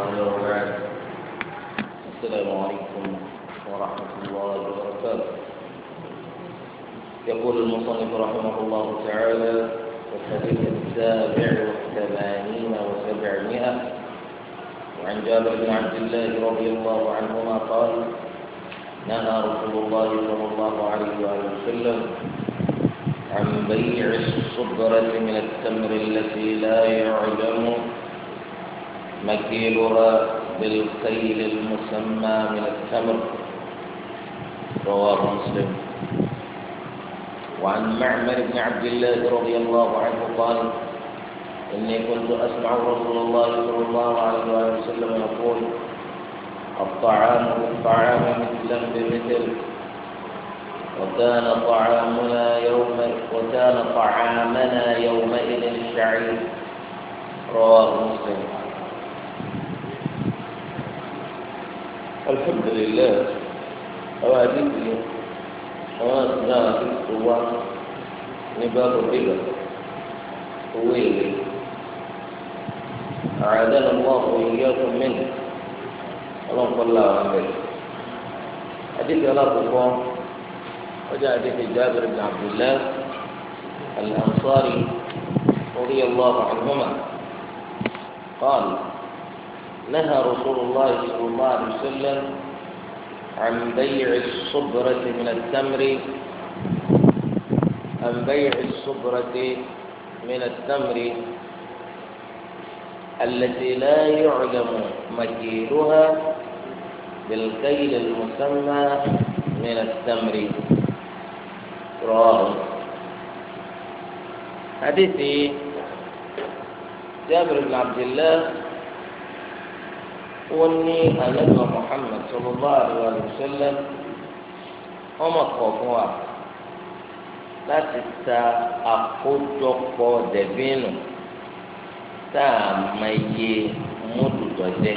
حول ولا السلام عليكم ورحمة الله وبركاته يقول المصنف رحمه الله تعالى الحديث السابع والثمانين وسبعمائة وعن جابر بن عبد الله رضي الله عنهما قال نهى رسول الله صلى الله عليه وآله وسلم عن بيع الصبرة من التمر التي لا يعلم مكيلها بالخيل المسمى من التمر رواه مسلم وعن معمر بن عبد الله رضي الله عنه قال إني كنت أسمع رسول الله صلى الله عليه وسلم يقول الطعام بالطعام مثلا بمثل وكان طعامنا يوم وكان طعامنا يومئذ الشعير رواه مسلم الحمد لله أوعدك لي حوات ذاتي القوة نبال الغلة طويلي أعادنا الله وإياكم منه اللهم صل على النبي حديث على طفاة وجاء به جابر بن عبد الله الأنصاري رضي الله عنهما قال نهى رسول الله صلى الله عليه وسلم عن بيع الصبرة من التمر عن بيع الصبرة من التمر التي لا يعلم مكيلها بالكيل المسمى من التمر رواه حديث جابر بن عبد الله wọ́n ní alẹ́gbà Muhammad sallallahu alaihi wasallam ọmọ kọ̀ọ̀kan wa láti ta àkójọpọ̀ dẹ̀bínù tá a máa yẹ mọ́tòtò jẹ́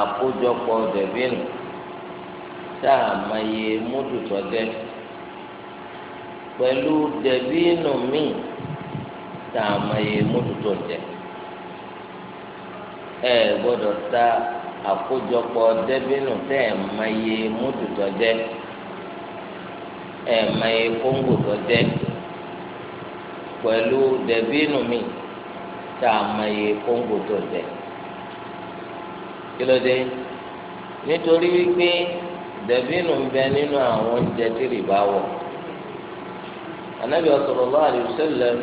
àkójọpọ̀ dẹ̀bínù tá a máa yẹ mọ́tòtò jẹ́ pẹ̀lú dẹ̀bínù míì tá a máa yẹ mọ́tòtò jẹ́. ẹ gbọdọ ta àkójọpọ̀ dẹbínú tẹ ẹ ma ye mútu tọ jẹ ẹ ma ye kóńgò tọ jẹ pẹ̀lú dẹbínú mi tá a ma ye kóńgò tọ jẹ kílódé nítorí wípé dẹbínú bẹ nínú àwọn oúnjẹ tí rìbá wọ anabi sallallahu alaihi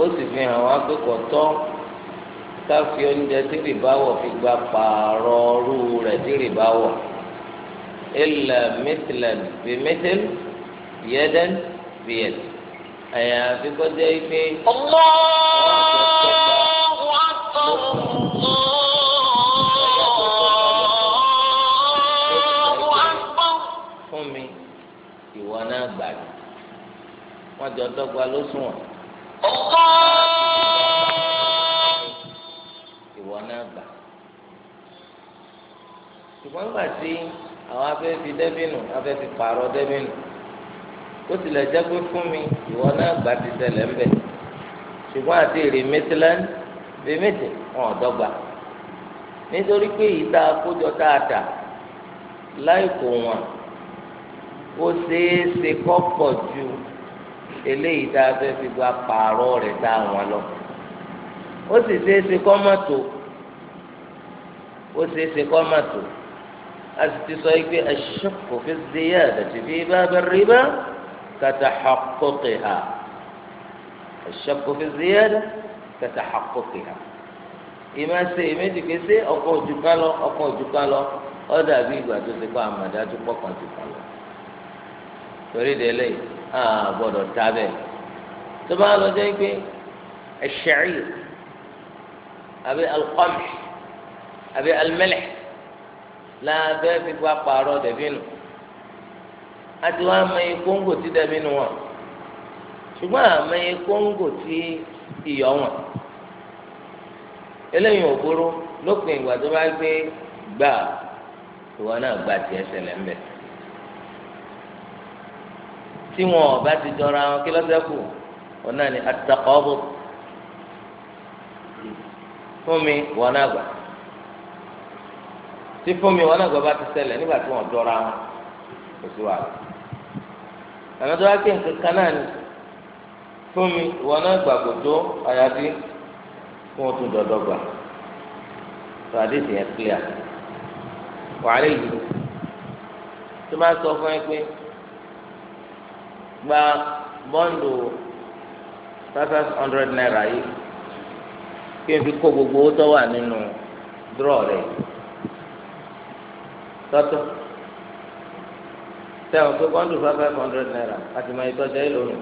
ó sì fi hàn wá pé káfí oúnjẹ tí rìbáwọ̀ fi gba pààrọ̀ ọrú rẹ̀ tí rìbáwọ̀ ilẹ̀ mẹtìlẹ̀n bí mẹtìl yẹdẹ́n bí yẹd ẹ̀yà àfikọ́jẹ́ ife. ọmọ wa tó lọ. fún mi ìwọ náà gbà mí jọ dọ́gba ló ìwọ náà gbà ṣùgbọ́n gbà tí àwọn afẹ́ fi dẹ́bìnù afẹ́ fi pààrọ̀ dẹ́bìnù ó tilẹ̀ jẹ́ pé fún mi ìwọ náà gbà ti ṣẹlẹ̀ ńbẹ̀ ṣùgbọ́n àti èrè mẹ́tìlẹ́n bíi méjì wọn ò dọ́gba nítorí pé èyí tá a kójọ tá a tà láì kó wọn ó ṣeé ṣe kọ́ pọ̀ ju eléyìí tá a fẹ́ fi gba pààrọ̀ rẹ̀ tá a wọn lọ ó sì ṣeéṣe kọ́ má tó ó ṣeéṣe kọ́ má tó a sì ti sọ yìí pé aṣọ́kò fi ziyadati fi bab ar-riba katahaqquqiha aṣọ́kò fi ziyada katahaqquqiha ìmọ̀ ṣe ìmẹ́jì pé ṣé ọkọ̀ òjùká lọ ọkọ̀ òjùká lọ ó dàbí ìgbà tó ti kọ́ àmàdájú pọ̀kan òjùká lọ torí délé àà tábẹ̀ tó bá lọ jẹ́ pé ẹ̀ṣẹ̀ yìí àbí alqamh àbí almalh lábẹ́ fífi apààrọ̀ dẹ̀bínú àti wọn amẹyẹ kóńgò tí dẹ̀bínú wọn ṣùgbọ́n amẹyẹ kóńgò tí iyọ̀ wọn eléyìí ò burú lópin ìgbà tó bá gbé gbà ìwọ náà gbà tiẹ̀ ṣẹlẹ̀ ńbẹ̀ tí wọn ọba ti jọra wọn kí lọ́sẹ̀ kù wọn náà ní ataqabud. fún mi tí fún mi bá ti ṣẹlẹ̀ nígbà tí wọ́n jọra wọn kò sí wàhálà àmọ́ tó bá ké nǹkan kan náà ni fún mi kò tó gba bọ́ǹdù five hundred naira yìí. kí n fi kó gbogbo owó tó wà nínú drọ rẹ tọ́tọ́ sẹ́wọ̀n pé one two five hundred naira àti máa ìtọ́jà yìí lónìí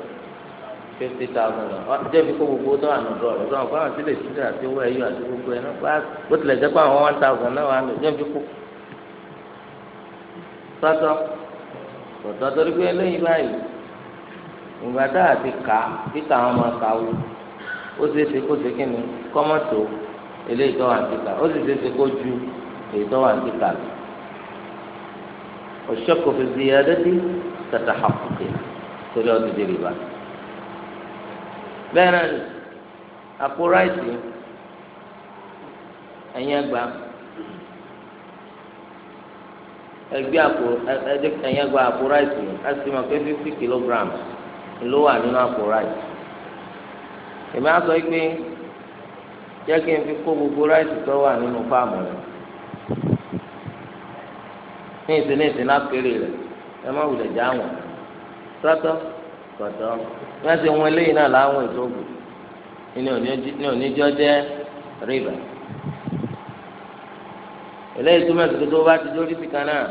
fifty thousand naira jẹ́ fi kó gbogbo tó wà nínú drọ rẹ sọ́wọ́n fáwọn sílẹ̀ sílẹ̀ àti owó ẹ̀yọ àti gbogbo ẹ̀ náà bá bó tilẹ̀ jẹ́ pé àwọn one thousand náà wà nínú jẹ́ fi kó tọ́tọ́ tọ́tọ́ torí pé eléyìí báyìí ìgbà tá a ti kà á títà àwọn máa kà á wò ó ṣeé ṣe kó ṣe kíni kọ́mọ́tò eléyìí tó wà ní kíkà ó sì ṣeé ṣe kó ju èyí tó wà ní kíkà lọ. والشك في الزيادة كتحقق ترى تجربة بين أكو رايتي أن يقبع ẹgbẹ́ àpò ẹ̀ẹ́dẹ́gbẹ̀yẹ́gbà àpò ráìtì á sì mọ̀ pé fifty kilograms ló wà nínú àpò ráìtì èmi á sọ pé jẹ́ kí n fi kó gbogbo ráìsì tó wà nínú fáàmù rẹ̀ ní ìsinmi ìsinmi àpérè rẹ̀ ẹ má wulẹ̀ já wọn tọ́tọ́ tọ́tọ́ wọ́n ti wọn eléyìí náà láwọn ètò ògùn ní oníjọ́ jẹ́ rìbá eléyìí túmọ̀ sí tó bá ti dórí sí náà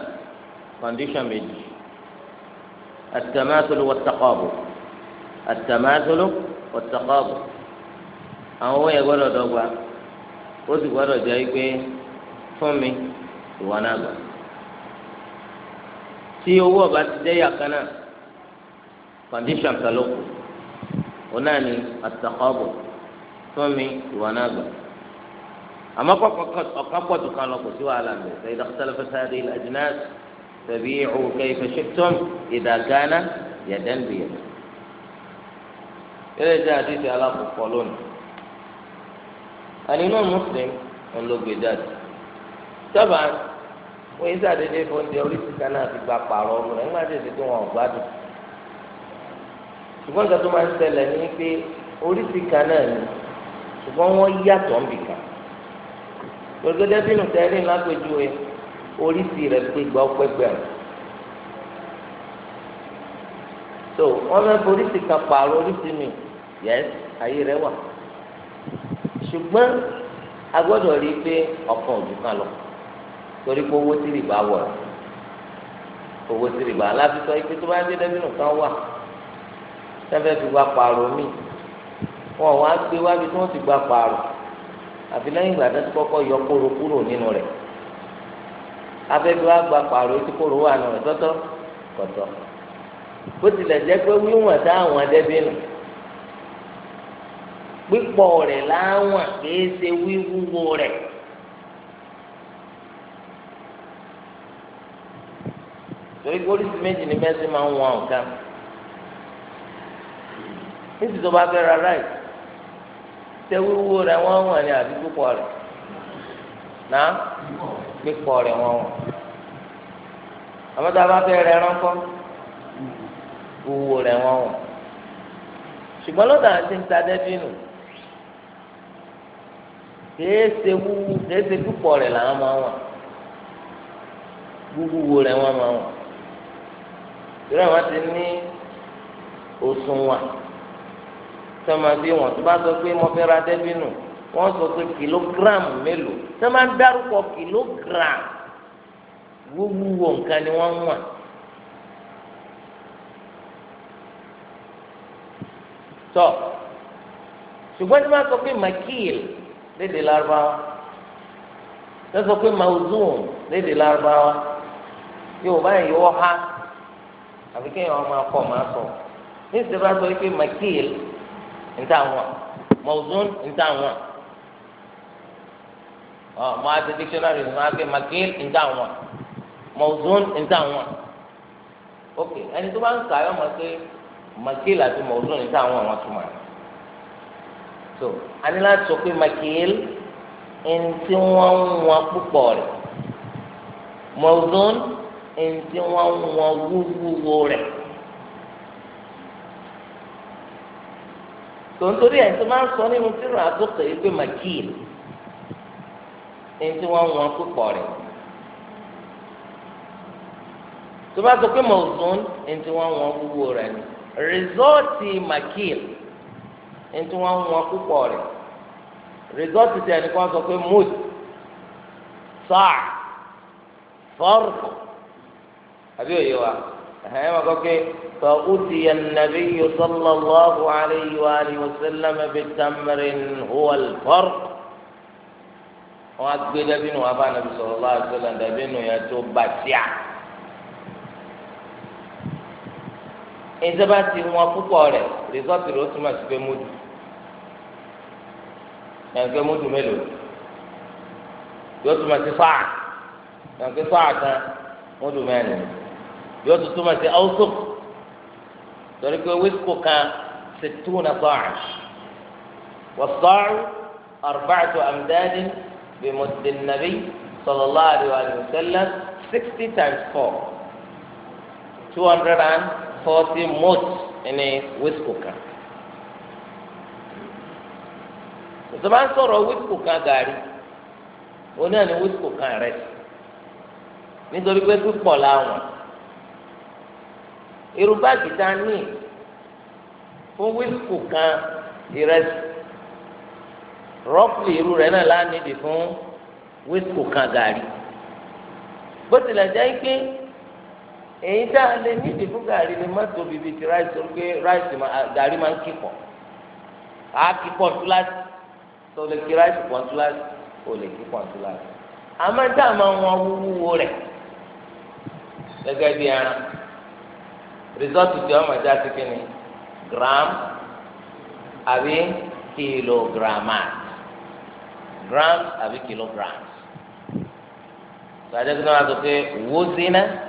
kọ́ndíṣọ̀n méjì àtàmásóló wọ́tàkọ́ọ̀bù àtàmásóló ọtọkọọbù àwọn owó yẹn gbọ́dọ̀ dọ́gba ó sì gbọ́dọ̀ jẹ pé fún mi ìwọ náà gbà tí owó ọba ti jẹ yàkan náà condition pẹ̀lú kù òun náà ni ọtọkọọbù fún mi ìwọ náà gbà àmọ́ ọkàn pọ̀ tó sí wàhálà mi ṣe ìdọ́kítàlẹ́ fẹ́ sáré ilẹ̀ ìhùwù kẹ́yìn fẹ́ ìdàgánà yẹ̀dẹ́nu eléyìí jẹ́ àdìsí alákòókò lónìí àníná Muslim ń lo gbé jáde sábà wọ́n yín sàdédé fún oúnjẹ oríṣi kan náà ti gba pààrọ̀ ọmọ rẹ̀ nígbà tí èsì tó wọn ò gbádùn ṣùgbọ́n nǹkan tó máa ń ṣẹlẹ̀ ní pé oríṣi kan náà ni ṣùgbọ́n wọ́n yàtọ̀ ń bìkan gbẹgbẹdẹ bínú tẹ́lẹ̀ lágbèjú ẹ oríṣi rẹ̀ gbégbá ọpẹgbẹ́ rẹ̀ so wọ́n fẹ́ foríṣi kan pààrọ̀ oríṣi mi yẹs ayé rẹ wà ṣùgbọ́n a gbọ́dọ̀ rí i pé ọkàn ojú kan lọ torí pé owó tí rìbá wọ̀ owó tí rìbá aláfisọ ipe tó bá dé dẹ́bìnú kan wà sẹ́fẹ́ fi gba pààrọ̀ mi wọn wá gbé wábi tí wọ́n ti gba pààrọ̀ àfi lẹ́yìn ìgbà tó ti kọ́kọ́ yọ kóró kúrò nínú rẹ̀ afẹ́fẹ́ wá gba pààrọ̀ etí kóró wà nù rẹ̀ tọ́tọ́ kọ̀tọ́ bó tilẹ̀ jẹ́ pé wíwọ̀n táwọn dẹ́bìnú pípọ̀ rẹ̀ láwọn kìí ṣe wíwúwo rẹ̀. torí pé oríṣi méjì ni mẹ́sì máa ń wọn nǹkan níbi tó bá fẹ́ ra ráì ṣé wíwúwo rẹ̀ wọ́n wọ̀n ni àbí pípọ̀ rẹ̀ náà pípọ̀ rẹ̀ wọ́n wọ̀n àmọ́ tá a bá fẹ́ rẹ̀ ránkọ́ wíwúwo rẹ̀ wọ́n wọ̀n ṣùgbọ́n lọ́dà ti ń ta dẹ́bí nù kèése wú kèése púpọ̀ rẹ̀ làwọn máa wà wúwúwo rẹ̀ wọ́n máa wà ìrọ̀ wọn ti ní òṣùwọ̀n tó máa fi wọ̀n tó bá sọ pé mo fẹ́ ra dẹ́bínù wọ́n sọ pé kìlógíráàmù mélòó tó máa ń dárúkọ kìlógíráàmù wúwúwo nǹkan ni wọ́n ń wà. tọ́ ṣùgbọ́n tí wọ́n sọ pé makíìlì lédè lárúbáwá wọ́n sọ pé mawzun lédè lárúbáwá yorùbá yìí wọ́ ha àfi kéèyàn ọmọ akọ máa sọ ní ìsèlérà sọ pé makil níta wọn mawzun níta wọn ọ mọ àti dictionary ní wọn pé makil níta wọn mawzun níta wọn ok ẹni tó bá ń kà yọ mọ pé makil àti mawzun níta wọn wọn túmọ̀ rẹ so ani láti sọ pé makil ntí wọn ń wọn púpọ̀ rẹ̀ mọ̀ọ́dún ntí wọn ń wọn wúwúwo rẹ̀ tontori ẹ̀ tí máa ń sọ nínú tí ra tó kẹ́ pé makil ntí wọn ń wọn púpọ̀ rẹ̀ tó bá sọ pé mọ̀ọ́dún ntí wọn wọn wúwo rẹ̀ rìsọ́ọ̀tì makil ẹni tí wọ́n ń wọn púpọ̀ rẹ̀ rìsọ́ọ̀tì tí ẹnìkan sọ pé mood sáà fọ́ọ̀rù àbí òye wa ẹ̀hẹ́n ẹ̀ máa kọ́ pé فأتي النبي صلى الله عليه وآله وسلم بتمر هو الفرق wọ́n á gbé dàbínù wá bá nàbì sallallahu alaihi wasallam dàbínù yẹn tó bàtíà. ẹnjẹ bá ti wọn púpọ̀ rẹ̀ rìsọ́ọ̀tì rẹ̀ ó túmọ̀ sí pé módù ẹnìkan módù mélòó yóò túmọ̀ sí fáà ẹnìkan fáà kan módù mẹ́rin yóò tún túmọ̀ sí ọ́sùn torí pé wíṣkù kan ṣe tún náà sọ́ọ̀rọ̀ wọ́sọ́ọ̀rọ̀ arba'atu amdadin bi muddi nabi sallallahu alayhi wa sallam sixty times four two hundred and. forty mot ẹni wíṣkù kan tòtò máa ń sọ̀rọ̀ wíṣkù kan gàrí òun náà ni wíṣkù kan rẹ̀ nítorí pé pípọ̀ làwọn irú báàgì tá a ní fún wíṣkù kan ìrẹsì rọ́pìlì irú rẹ̀ náà lánídìí fún wíṣkù kan gàrí bó tilẹ̀ jẹ́ pé èyí tá a lè ní ìdìbò gàrí ni má tóbi bíi ti ráìsì orí ráìsì gàrí máa ń kíkọ á kíkọ túláàsì tó lè kí ráìsì pọ̀ túláàsì kò lè kí pọ̀ túláàsì àmọ́ tá a máa wọn wúwo rẹ̀ gẹ́gẹ́ bí ẹran rìsọ́ọ̀tù tí wọ́n máa já sí kí ni gram àbí kìlógrámàt gram àbí kìlógrams. Sàdéjì náà wá sọ pé wúzínà. So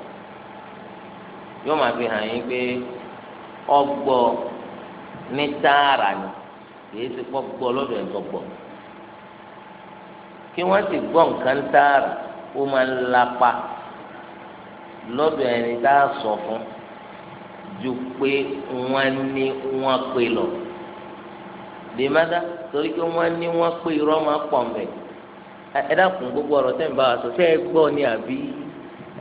yóò máa fi hàn yín pé ọgbọ ní tààrà ni kìí ṣe pọ gbọ lọ́dọ̀ ẹ gbọgbọ kí wọn sì gbọ́ nǹkan tààrà ó máa ń lapa lọ́dọ̀ ẹni tá a sọ fún ju pé wọn ní wọn pè lọ lè má dá torí pé wọn ní wọn pè irọ́ máa pọ̀ mbẹ ẹ dákun gbogbo ọ̀rọ̀ tẹ́ ń bá wa sọ sẹ́ ẹ gbọ́ ni àbí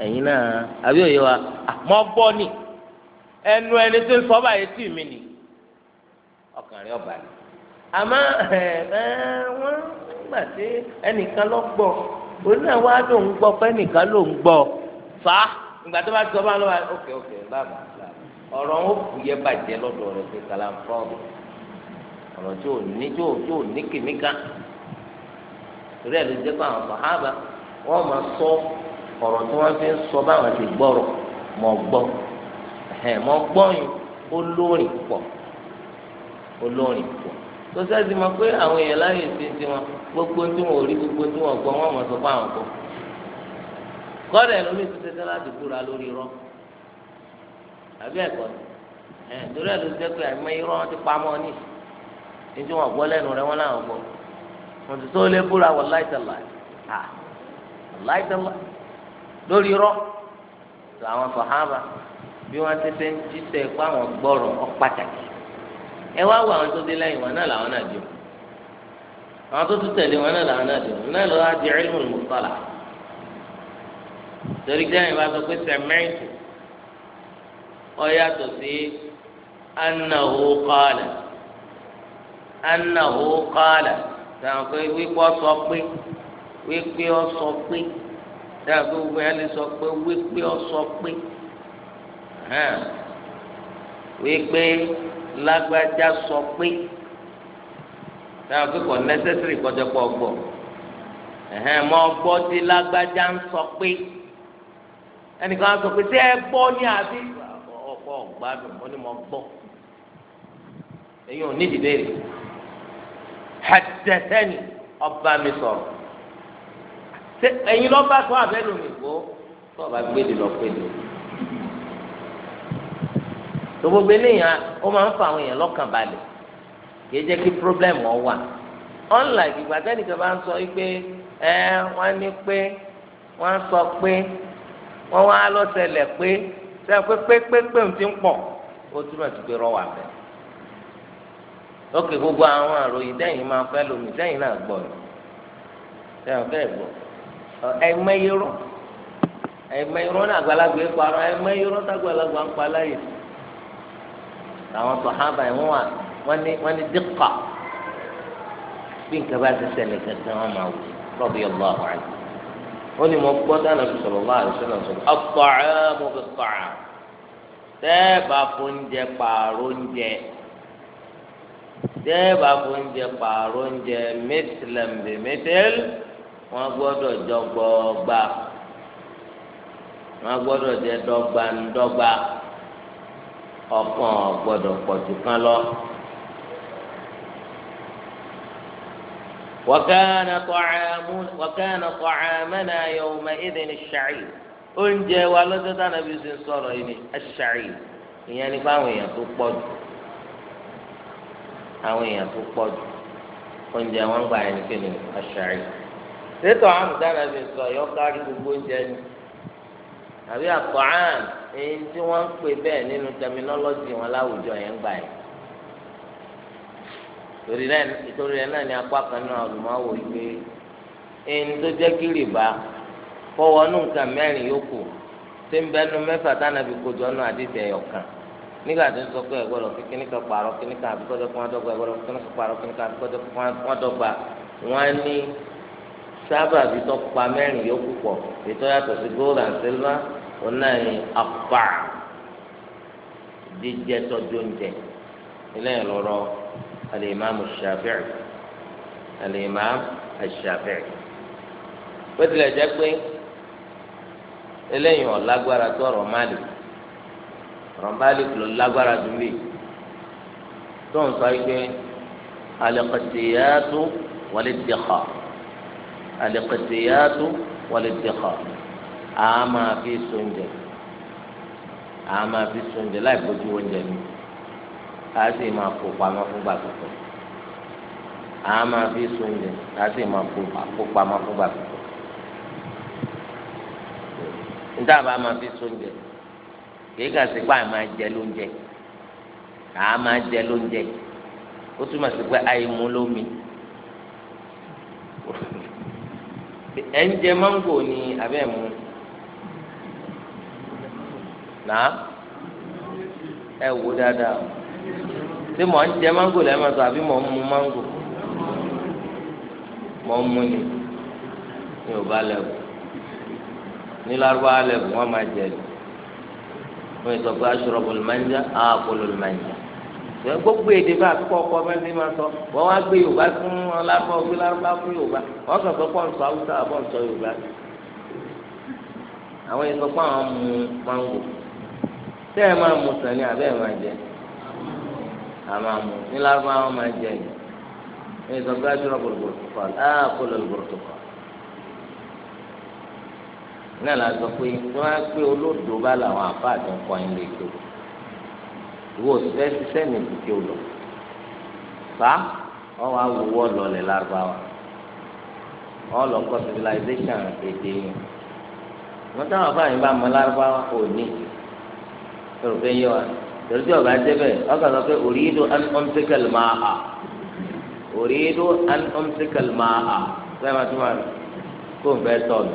ẹ̀yin náà àbí òye wa ah, ni ẹnu ẹni tó ń sọ báyìí tì mí ni ọba ni àmọ́ ẹ ẹ wọn gbà tí ẹnìkan lọ gbọ òun náà wá lóun gbọ́ pé lóun gbọ́ fà á ìgbà tó bá sọ bá òkè òkè bàbà ń yẹ rẹ pé tí ò ní tí ò tí ò ní kìmíkà torí ló pé àwọn ọ̀rọ̀ tí wọ́n fi ń sọ báwọn ti gbọ́rọ̀ mọ̀ gbọ́ ẹ̀ mọ̀ gbọ́ yìí olórin pọ̀ olórin pọ̀ tó sẹ́sì mọ̀ pé àwọn èèyàn láyè ti ti wọn gbogbo tí wọn ò rí gbogbo tí wọn gbọ́ wọn mọ̀ sọ fáwọn kọ́ kọ́dà ẹ̀ lómi ti tẹ́tẹ́ láti búra lórí irọ́ àbí ẹ̀kọ́ ẹ̀ torí ẹ̀ ló jẹ́ pé àìmọ̀ irọ́ ti pamọ́ ní nítorí wọn gbọ́ lẹ́nu rẹ wọn láwọn gbọ́ wọn ti tó lé búra wọ láìtẹ̀láì à ah, láìtẹ̀láì. lórí rọ làwọn sọhábà bí wọn tẹsẹ ń jíṣẹ́ pé àwọn gbọrọ ọpàtàkì ẹ wá wọ àwọn tó dé lẹ́yìn wọn náà làwọn náà dìbò àwọn tó tún tẹ̀lé wọn náà làwọn náà dìbò náà lọ wá di ilmul mustalah torí dáhùn bá sọ pé sẹmẹǹtì ọ yàtọ̀ sí annahu qala annahu qala sàn wípé ọ sọ pé wípé ọ sọ pé. sáà pé gbogbo yẹn lè sọ pé wí pé ọ sọ pé wí pé lágbájá sọ pé sáà pé kò nẹ́sẹ̀sìrì kọjá pọ̀ gbọ̀ mọ gbọ́ tí lágbájá ń sọ pé ẹnìkan á sọ pé tí ẹ gbọ́ ní àbí ọ̀pọ̀ ọ̀gbádùn ó ní mọ gbọ́ èyí ò ní ìdílé rẹ̀ hàtẹ́tẹ́ni ọba mi sọ̀rọ̀ ṣe ẹ̀yin lọ́ba tó àbẹ́lò nìkó tó ọba gbèdè lọ gbèdè tó gbogbo eléyàn ó máa ń fa àwọn èèyàn lọ́kàn balẹ̀ kì í jẹ́ kí problem wọn wà unlike ìgbà tẹ́nìkan bá ń sọ pé ẹ wọ́n ní pé wọ́n sọ pé wọ́n wá lọ́sẹ̀lẹ̀ pé sẹ́yìn pé pépépé ń ti ń pọ̀ ó túmọ̀ sí pé rọ́wà bẹ́ẹ̀ lókè gbogbo àwọn àròyìn tẹ́yìn máa fẹ́ lómi tẹ́yìn náà gbọ́ ni sẹ́yìn fẹ́ gbọ́ ẹ̀mẹ́yẹrọ ẹ̀mẹ́yẹrọ náà àgbàlagbà ẹ̀kọ́ ara ẹ̀mẹ́yẹrọ tágbàlagbà ń pa láyè àwọn sọ̀hábà ẹ̀ wọ́n wà wọ́n ní díkà bí nǹkan bá ti ṣẹlẹ̀ kankan wọ́n máa wù rọ́bì ọ̀bọ̀ àwọn àyè ó ní mo gbọ́ dáná fi sọ̀rọ̀ bá àrùn sọ̀rọ̀ sọ̀rọ̀ ọ̀pọ̀ mo fi pààrà tẹ́ẹ̀bà fóúnjẹ pààrọ̀ oúnjẹ tẹ́ẹ̀bà fóúnjẹ pààrọ̀ oúnjẹ mẹ́tìlẹ̀ mbẹ̀mẹ́tìlẹ̀ wọn gbọ́dọ̀ jọ gbọọgba wọn gbọ́dọ̀ jẹ dọ́gba ńdọ́gba ọ̀kan gbọ́dọ̀ pọ̀jù kan lọ. وكان طعام وكان طعامنا يومئذ الشعير oúnjẹ wa lọ́jọ́ tá nàbí ṣe ń sọ̀rọ̀ yìí ni aṣàì ìyẹn ni fún àwọn èèyàn tó pọ̀ jù àwọn èèyàn tó pọ̀ jù oúnjẹ wọn gbà yẹn ni kí ni aṣàì. sètò àmì dára bụ sọ yọ kárí gbogbo oúnjẹ ni àbí àtọ̀hán èyí tí wọ́n ń pè bẹ́ẹ̀ nínú tẹminọ́lọ́jì wọn láwùjọ yẹn ń gbà yẹn torí náà ìtòrí rẹ náà ni apá kan náà olùmọ̀wò gbé èyí tó jẹ́ kí rìbá fọwọ́ nù nǹkan mẹ́rin yòókù tí ń mẹ́fà kojú nígbà tó ń sọ pé sábà bí tó pa mẹ́rin yòókù pọ̀ ètò yàtọ̀ sí gold and silver òun náà ní apá jíjẹ tọ́jú oúnjẹ ilé ìlọrọ alimami shafi'i alimami shafi'i bó tilẹ̀ jẹ́ pé eléyìí ọ̀lágbára tó ọ̀rọ̀ máàlì ọ̀rọ̀ lágbára dùn tó ń sọ yìí pé alẹ́ kọ̀tìyà tó wọlé dìkọ̀ alẹ́kẹ̀tẹ̀yàtò wọlẹ́dẹ̀kọ̀ àá máa fi sóúnjẹ àá máa fi sóúnjẹ láì bójú oúnjẹ mi àá sì máa kó pamọ́ fúngbà tuntun àá máa fi sóúnjẹ àá sì máa kó pamọ́ fúngbà tuntun níta bá máa fi sóúnjẹ kìí kà sí pé àá máa jẹ lóúnjẹ àá jẹ lóúnjẹ ó túmọ̀ sí pé àìmú lómi ẹ ń jẹ mango ni abẹ́ mu náà ẹ wò dáadáa ṣé mò ń jẹ mango lẹ́ẹ̀ máa àbí mò mu mango mo ń mu ni ní Yorùbá lẹ́wọ̀ ní Lárúbáwá lẹ́wọ̀ wọ́n máa jẹ ni wọ́n sọ pé aṣọ́rọ̀ bọ̀lùmáńjá àkọlù lùmáńjá gbogbo èdè bá àtúkọ ọkọ mẹsìn máa sọ wọn wá gbé yorùbá fún ọlábọ gbé lárúbá fún yorùbá wọn sọ pé pọ́ǹ sọ haúsá pọ́ǹ sọ yorùbá àwọn yẹn sọ pé àwọn mú mango tẹ́ ẹ máa mú sàn ní abẹ́ ẹ máa jẹ àmà mú ní lárúbá wọn máa jẹ yìí ẹ sọ pé àjọyọ̀ bòlòbòlòtòkọ àá kó lòlòbòlòtòkọ náà la sọ pé wọn á pé olódò bá làwọn àbá àtúnkọ yín lè tó. E ìwọ sì fẹ́ ṣiṣẹ́ mi ju kí o lọ fa ọwọ́ awùwọ́ lọlẹ̀ lárúbáwá ọlọ kọ́ civilization èdè yẹn wọ́n táwọn afáàyàn bá mọ lárúbáwá ò ní lórí pé yé wa lórí tí ọba jẹ́ bẹ́ẹ̀ ọkà sọ pé òrìdó an ọmsikẹl máa hà òrìdó an ọmsikẹl máa hà bẹ́ẹ̀ máa túmọ̀ rẹ̀ kó n fẹ́ tọ̀ mí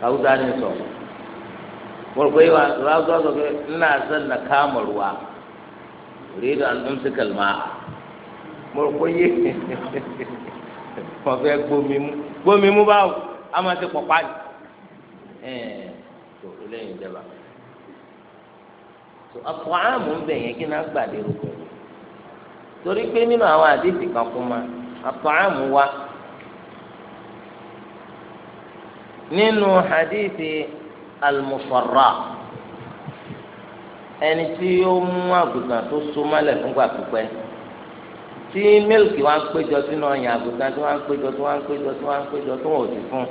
haúsá ni sọ mo rò pé wa lórí haúsá sọ pé ńlá sẹ́ni ká mọ̀lúwa ríru àdúnsí kàlùmá mo rò pé yé wọn fẹ́ gbómi mú gbómi mú báwo a máa ti pọ̀ pálí ẹ̀ẹ́n tó eléyìí jẹba tó ọ̀pọ̀ àmú ń bẹ̀ yẹn kí náà gbàdérò pẹ̀lú torí pé nínú àwọn àdéhìí kan kún ma ọ̀pọ̀ wa. nínú hadithi almufarra ẹni tí ó mú àgùntàn tó so mọ́lẹ̀ fúngbà pípẹ́ tí mílìkì wá ń péjọ sínú ọyàn àgùntàn tí wá ń péjọ tí wá ń péjọ tí wá ń péjọ tó wọ́n ò sì fún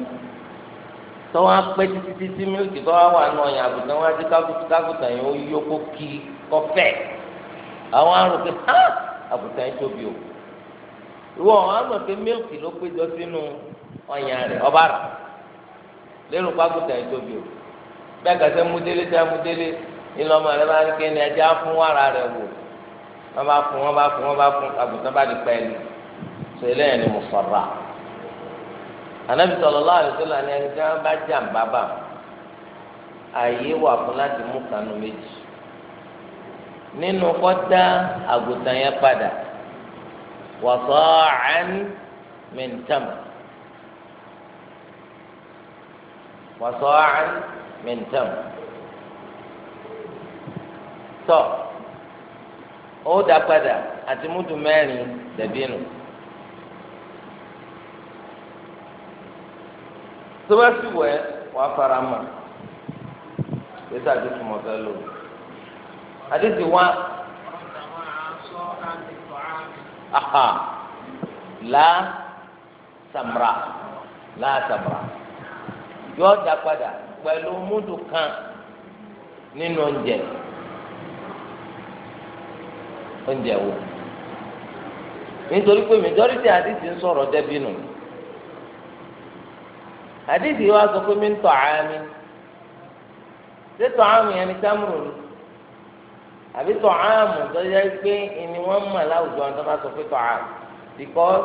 tọ́wọ́ á pẹ́ títí títí mílìkì tó wà nù ọyàn àgùntàn yẹn ó kó kí àwọn arùn pé àgùntàn yẹn tóbi o ìwọ àwọn àgbọ̀n pé mílìkì ló péjọ sínú ọyàn rẹ̀ ọba rà lérò pé yẹn tóbi o bẹ́ẹ̀ kàtẹ́ mú délé tẹ́ mú délé ìlọmọ rẹ bá ń ké ní ẹjẹ á fún wàrà rẹ wò wọn bá fún wọn bá fún wọn bá fún àgùntàn bá di pẹ́ẹ́lí tó eléyàn ni mùsọ̀rà ànábì sallallahu alaihi wasallam ni ẹni tí wọn bá jà ń bábà ààyè wà fún láti mú kanu méjì nínú kọ́ àgùntàn yẹn padà wàsọ̀ọ̀án mẹ́ntàm wàsọ̀ọ̀án mẹ́ntàm tọ ó dá padà àti múdù mẹ́rin dẹbí nù. tó bá sì wẹ̀ wà á fara mọ́ gbèsè àti tùmọ̀tà lò àdìsí wa. Aha la samra la samra yóò dá padà pẹ̀lú múdù kan nínú oúnjẹ. No oúnjẹ wo nítorí pé majority àdìsí ń sọ̀rọ̀ dẹ́bí nù àdìsí wa sọ pé mi ń tọ̀ àmì ṣé tọ̀ àmì yẹn ni támùrù ni àbí tọ̀ àmù tó yẹ pé ni wọ́n mọ̀ láwùjọ àwọn tó bá sọ pé tọ̀ àmù because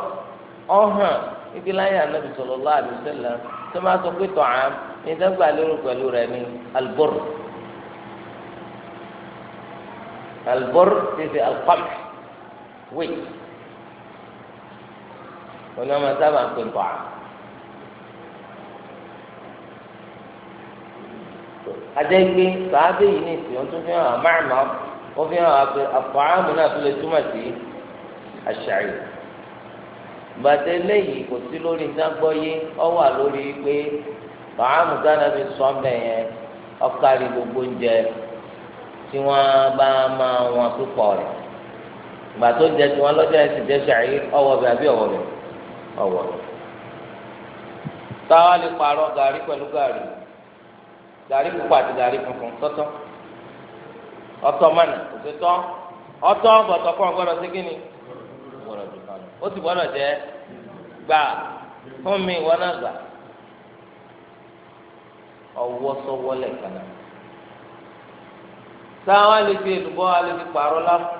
ọ̀hàn ibi láyé ànábì sallallahu alaihi wasallam tó bá sọ pé tọ̀ àmù ní dẹ́gbà lérò pẹ̀lú rẹ̀ ní albọ́rù albor ti ṣe alqamh wait wọn náà máa sábà ń pè bọ̀ á. adégbé sàábé yìí ní ìsìn wọn tún fi hàn án márùnmá wọn fi hàn án pé àfọ̀hámù náà tó lè túmọ̀ sí àṣàyè gbàtẹ lẹ́yìn kò sí lórí dágbọ yé ọ wà lórí pé bàámu gánà fi sọ mẹyẹ ọkàlì gbogbo ń jẹ tí wọn bá máa wọn púpọ̀ rẹ̀ gbà tó jẹ tí wọn lọ́jọ́ ẹ̀sìn jẹ́ ṣàyí ọwọ́ bẹ̀ àbí ọwọ́ bẹ̀ ọwọ́ táwa lè pààrọ̀ gàrí pẹ̀lú gàrí gàrí pupa àti gàrí funfun ọtọ ọtọ sí ó sì gbà fún táwọn alẹ́ fi èlùbọ́ alẹ́ fi pààrọ̀ lápò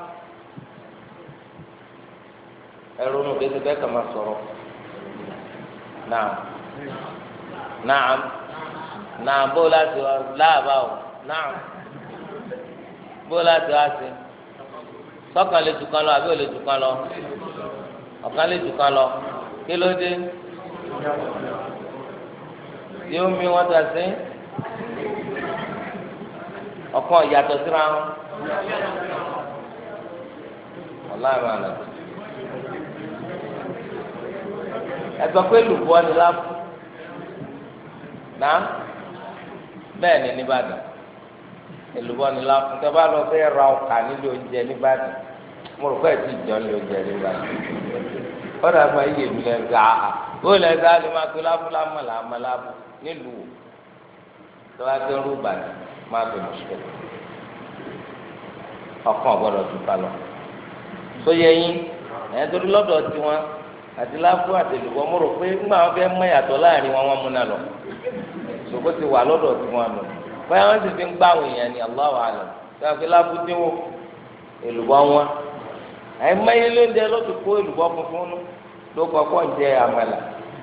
ẹ̀rọ nù bẹ́ẹ̀ bẹ́ẹ̀ kà máa sọ̀rọ̀ náà náà náà láàbà o náà bó láti wá sí lè lọ àbí lọ lè ọ̀kan ìyàtọ̀ síra wọn. ọ̀làrun àlà. ẹ̀sọ́ pé lùbọ́ ni lápò. náà bẹ́ẹ̀ ni nìbàdàn. èlùbọ́ ni lápò. tẹ́ bá lọ fẹ́ ra ọkà nílé oúnjẹ nìbàdàn. mo rò pé ẹ̀ tí ì jọ nílé oúnjẹ nìbàdàn. ọ̀dà àgbà yìí èmi lẹ́nu gbàá. ó lẹ́nu gbàá lè máa pe lábúlámọ̀ làmọ́ lábú nílùú. tọ́wá tẹ́ rú bàtà. má bẹ mùsùlùmí ọkàn gbọ́dọ̀ dùkà lọ sóyè yín ẹ̀yìn torí lọ́dọ̀ tiwọn àti láfú àtẹlùbọ́ mo rò pé nígbà wọn fẹ́ mọ ìyàtọ̀ láàrin wọn wọn múná lọ ṣòkó ti wà lọ́dọ̀ tiwọn lọ báyọ̀ wọn sì fi ń gbà àwọn tí wọn fi dínwó wọn funfun nù ló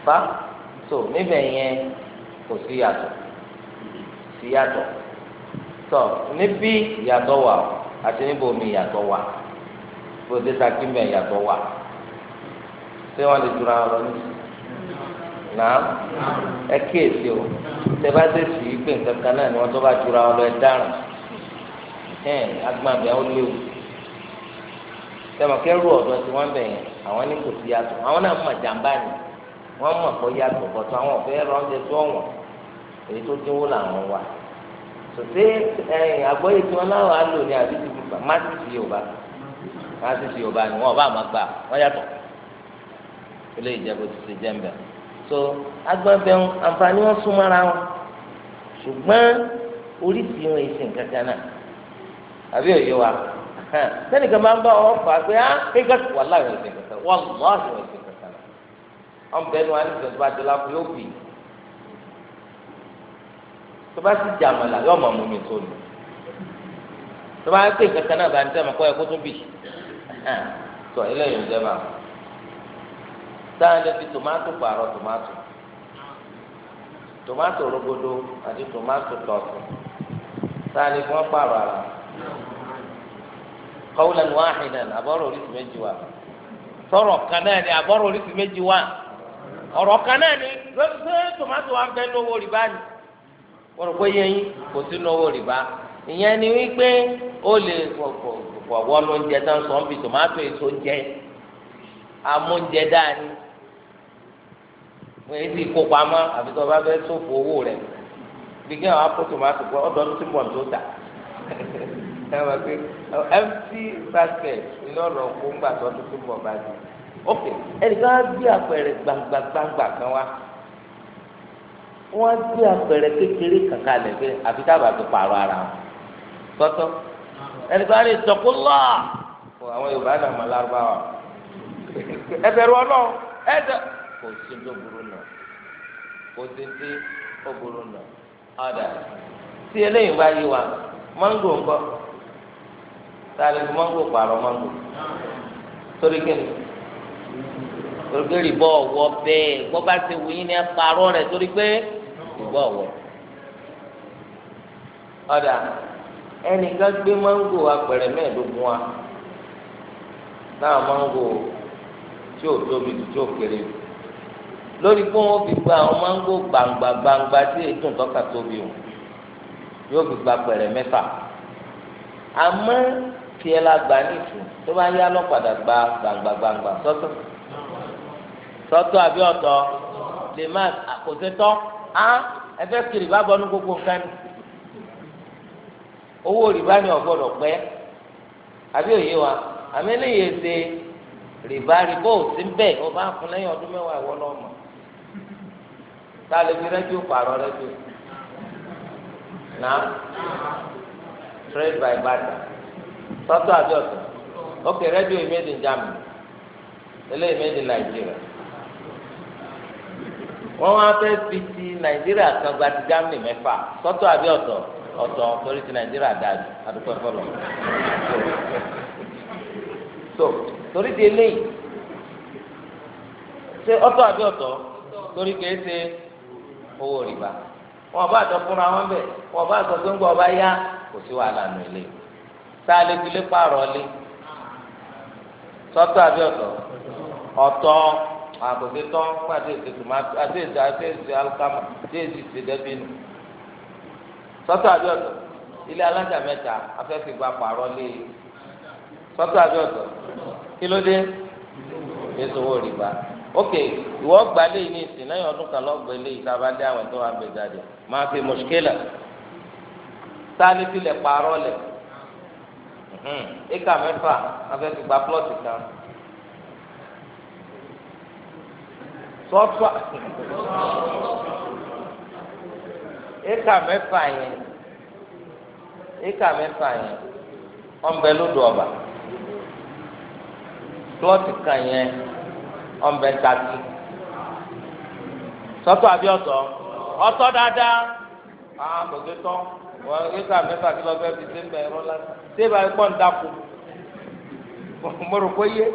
fa so yẹn kò sọ níbí ìyàtọ̀ wà àti níbòmí ìyàtọ̀ wà bòde wà ṣé wọ́n lè dúró àwọn ọ̀rọ̀ náà ẹ o tẹ́bá ṣe sì í pé nǹkan kan náà ni wọ́n tó bá dúró àwọn ẹ dáràn ẹ̀ẹ́n agbábẹ́ ó léwu tẹ́mọ̀ kẹ́rù ọ̀dọ́ tí wọ́n bẹ̀ àwọn ní kò sí yàtọ̀ àwọn náà mọ̀ jàǹbá ni wọ́n mọ̀ yàtọ̀ bọ̀tọ̀ àwọn ọ̀fẹ́ rọ́ńdẹ́ tó ọ̀wọ̀n èyí tó dínwó làwọn wà. sòtẹ́ ẹ̀yìn eh, àgbọ̀yé tí wọ́n láwọn á lò ní àbí ti gbà má ti fi yorùbá má ti fi yorùbá ni wọn ò bá àmọ́ gbà wọ́n yàtọ̀ ilé ìjẹ́bù ti ṣe jẹ́ so agbọ́nbẹ́ ń àǹfààní wọn sún mọ́ra wọn ṣùgbọ́n oríṣi wọn èsì nǹkan kan náà àbí òye wa sẹ́nìkan máa ń bá wọn fà á pé á kéka wàhálà ìwọ̀n ìsìn kankan wàhálà ìwọ̀n ìsìn kankan ọ̀nbẹ́ni wa ní ìsìn tó bá sì jẹ àmàlà yóò mọ mú mi tó nù tó bá pè kankan náà bá ń tẹ́ mọ kọ́ ẹ kó tó bì tọ eléyìí ń jẹba sáyẹn lè fi tòmátò pààrọ̀ tòmátò tòmátò rogodo àti tòmátò tọ̀tù sáyẹn fi wọn pààrọ̀ ara qawlan wahidan àbọ̀rọ̀ oríṣi méjì wà sọ̀rọ̀ kan náà ni àbọ̀rọ̀ oríṣi méjì wà ọ̀rọ̀ kan náà ni lọ́sẹ̀ tomato wa ń bẹ́ lówó rìbá ni wọ́n rò pé yẹn kò sínú owó rìbá ìyẹn ni wípé ó lè wọ̀wọ́ ló ń jẹ tán sọ ń bi tòmátò èso ń jẹ amóúnjẹ dání wọ́n èsì kó pamọ́ àfi tó o bá fẹ́ sófo owó rẹ̀ bí kí àwọn apó tòmátò pé ọ̀dọ́ ló ti bọ̀ tó tà ẹwà pé empty basket iná lọ kó ńgbà tó tó tó bọ̀ bá di ok ẹnìkan á bí àpẹẹrẹ gbangba gbangba kan wá wọ́n gbé àpẹẹrẹ kékeré kàkà lẹ̀ pé àfi tábà fi pààrọ̀ ara wọn tọ́tọ́ ẹni tó wá ní ìtọ́kùnlá àwọn Yorùbá náà mọ̀ lárúbáwá ẹbẹ̀rù ọ̀nà ẹ̀dá kò sí tó burú nà kò sí tí ó burú nà ọ̀dà tí eléyìí bá yí wa mángò ńkọ́ sáré mángò pààrọ̀ mángò torí kíni torí pé rìbọ̀ wọ bẹ́ẹ̀ bọ́ ti wù yín ní ẹ̀ pààrọ̀ rẹ̀ torí pé ṣùgbọ́n ọ̀wọ́ ọ̀dà ẹnìkan gbé máńgò apẹ̀rẹ̀ mẹ́ẹ̀ẹ́dógún wa náà máńgò tí ò tóbi tí ò kéré lórí pé wọn fi gba àwọn máńgò gbangba gbangba tí ètò ìtọ́ka tóbi o yóò fi gba apẹ̀rẹ̀ mẹ́fà àmọ́ tiẹ̀ la gbà nìtú tó bá yá lọ́padà gba gbangba gbangba sọ́tọ̀ sọ́tọ̀ àbí ọ̀tọ̀ lè má àkóso tọ́. á ẹfẹ́ kiri bá bọ́ ní gbogbo nǹkan ni owó rìbá ni ọ̀gbọ́dọ̀ pẹ́ àbí òye wa àmì eléyìí ṣe rìbá rìbó sí bẹ́ẹ̀ ọba fún lẹ́yìn ọdún mẹ́wàá ìwọ lọ́mọ tá a lè fi rẹ́díò pààrọ̀ rẹ́díò náà trade by barter àbí ọ̀tọ̀ ok rẹ́díò made Germany eléyìí made wọ́n wá fẹ́ fi ti nàìjíríà kan gba ti germany sọtọ àbí ọ̀tọ̀ ọ̀tọ̀ torí ti nàìjíríà dájú so torí di eléyìí ṣé ọ̀tọ̀ àbí ọ̀tọ̀ torí kìí ṣe owó rìbá wọn bá àtọ fúnra wọn bá àtọ tó ń gbọ ọba yá kò sí wàhálà nù ilé tá a lè fi lé pààrọ̀ àkòtí tọ́ fún àti èsì tòmátì àti èsì àti èsì alikama àti èsì ìsèdẹ́bí nù. sọ́tọ̀ àbíọ̀tọ̀ ilé alájà mẹ́ta afẹ́fẹ́ gba pààrọ̀ lé e sọ́tọ̀ àbíọ̀tọ̀ kí ló dé èso owó rìbá ok ìwọ gba lé ní ìsìn lẹ́yìn ọdún kan lọ́gbọ̀ ilé yìí sábà dé àwọn tó wà gbé jáde máa fi mọ̀ṣíkélà sáni tilẹ̀ pààrọ̀ lẹ̀ ẹ̀ka mẹ́fà afẹ́fẹ́ gba plọ́ọ̀tì kan. sọ́fà éka mẹ́fà yẹn éka mẹ́fà yẹn ọ̀nbẹ lódò ọ̀bà plọ́tì kan yẹn ọ̀nbẹ tàbí sọ́tọ̀ àbí ọ̀tọ̀ ọ̀tọ̀ dáadáa àwọn àgbègbè tán wọ́n éka mẹ́fà kí lọ́ọ́ fẹ́ fi dé mbẹ́ ẹ̀rọ lásán mo rò yé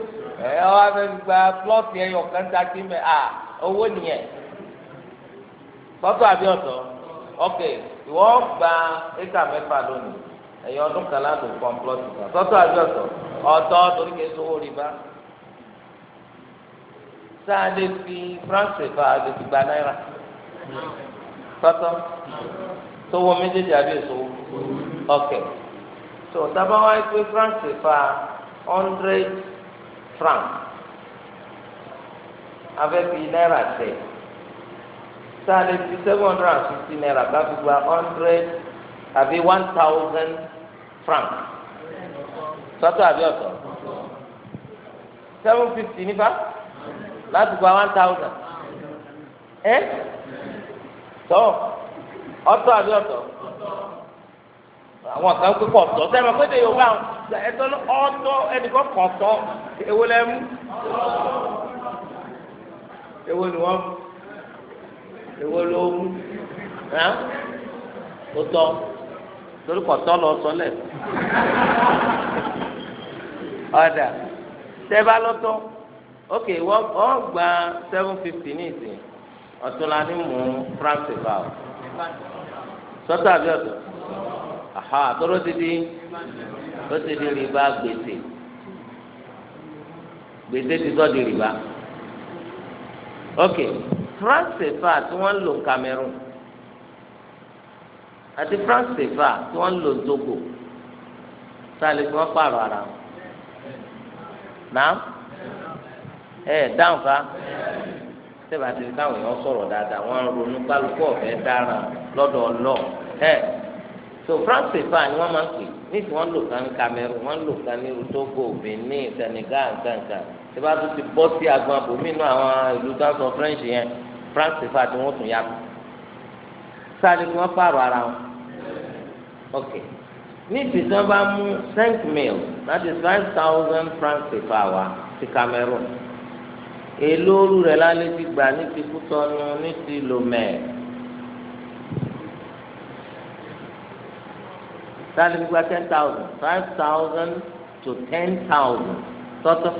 ẹ̀ ọ́ fẹ́ gba plọ́tì ẹ̀yọ̀ kan tàbí a. owó nìyẹn tọ́tọ̀ àbí ọ̀tọ̀ ok ìwọ gba éka mẹ́fà lónìí ẹ̀yọ ọdún kan láti kọ́ńplọ́tì kan tọ́tọ̀ àbí ọ̀tọ̀ ọ̀tọ̀ torí kìí sówó rìbá tá a lè fi france fa a lè fi gba náírà tọ́tọ̀ sówó méjèèjì àbí èsówó ok tó tábà wáyé pé france fa hundred francs afẹ́ fi náírà tẹ̀ tá a lè fi seven hundred and fifty naira ká fi gba hundred àbí one thousand franc sọ́tọ̀ àbí ọ̀tọ̀ seven fifty nípa láti gba one thousand ẹ tọ́ ọ̀tọ̀ àbí ọ̀tọ̀ àwọn kan pé kọ tọ sẹ́mi pé de yorùbá ẹ̀tọ́ ọ̀tọ̀ ẹnìkan kọ̀ tọ́ ewu lẹ́mú Ewo ni wọ́n Ewo èwo ló mú ẹ́ ó tọ́ torí kọ̀tọ́ lọ sọlẹ̀ ọ̀dà tẹ́bá lọ́tọ́ ok wọ́n gba seven fifty ní ìsìn ọ̀tún la ní mú france bá o sọ́tọ̀ àbí ọ̀tọ̀ aha àtọ́rọ́ ti di ó ti di rìbá gbèsè gbèsè ti sọ́ di rìbá ok france sefa tí wọ́n ń lò Cameroon àti france sefa tí wọ́n ń lò Togo sáàlì tí wọ́n pààrọ̀ ara wọn náà ẹ dáhùn fa sẹ́fà ti káwọn èèyàn sọ̀rọ̀ dáadáa wọ́n ń ronú kálukú ọ̀fẹ́ dára lọ́dọ̀ ọlọ́ ẹ so france sefa ni wọ́n máa ń pè ní tí wọ́n lò kan Cameroon wọ́n lò kan ní Togo Benin Senegal nǹkan nǹkan ìbá tó ti bọ́ sí agbọn abòmí náà àwọn ìlú tó ń sọ french yẹn france fà tí wọ́n tún yàtọ̀ sáré ni wọ́n pààrọ̀ ara wọn ok ní ìdìsán bá mú cinq mil that is five thousand francs fà wá sí cameroon èlò òru rẹ̀ lálẹ́ ti gbà ní ti kútọ́nu ní ti lomẹ́ sáré ni gba ten thousand five thousand to ten thousand tọ́tọ́.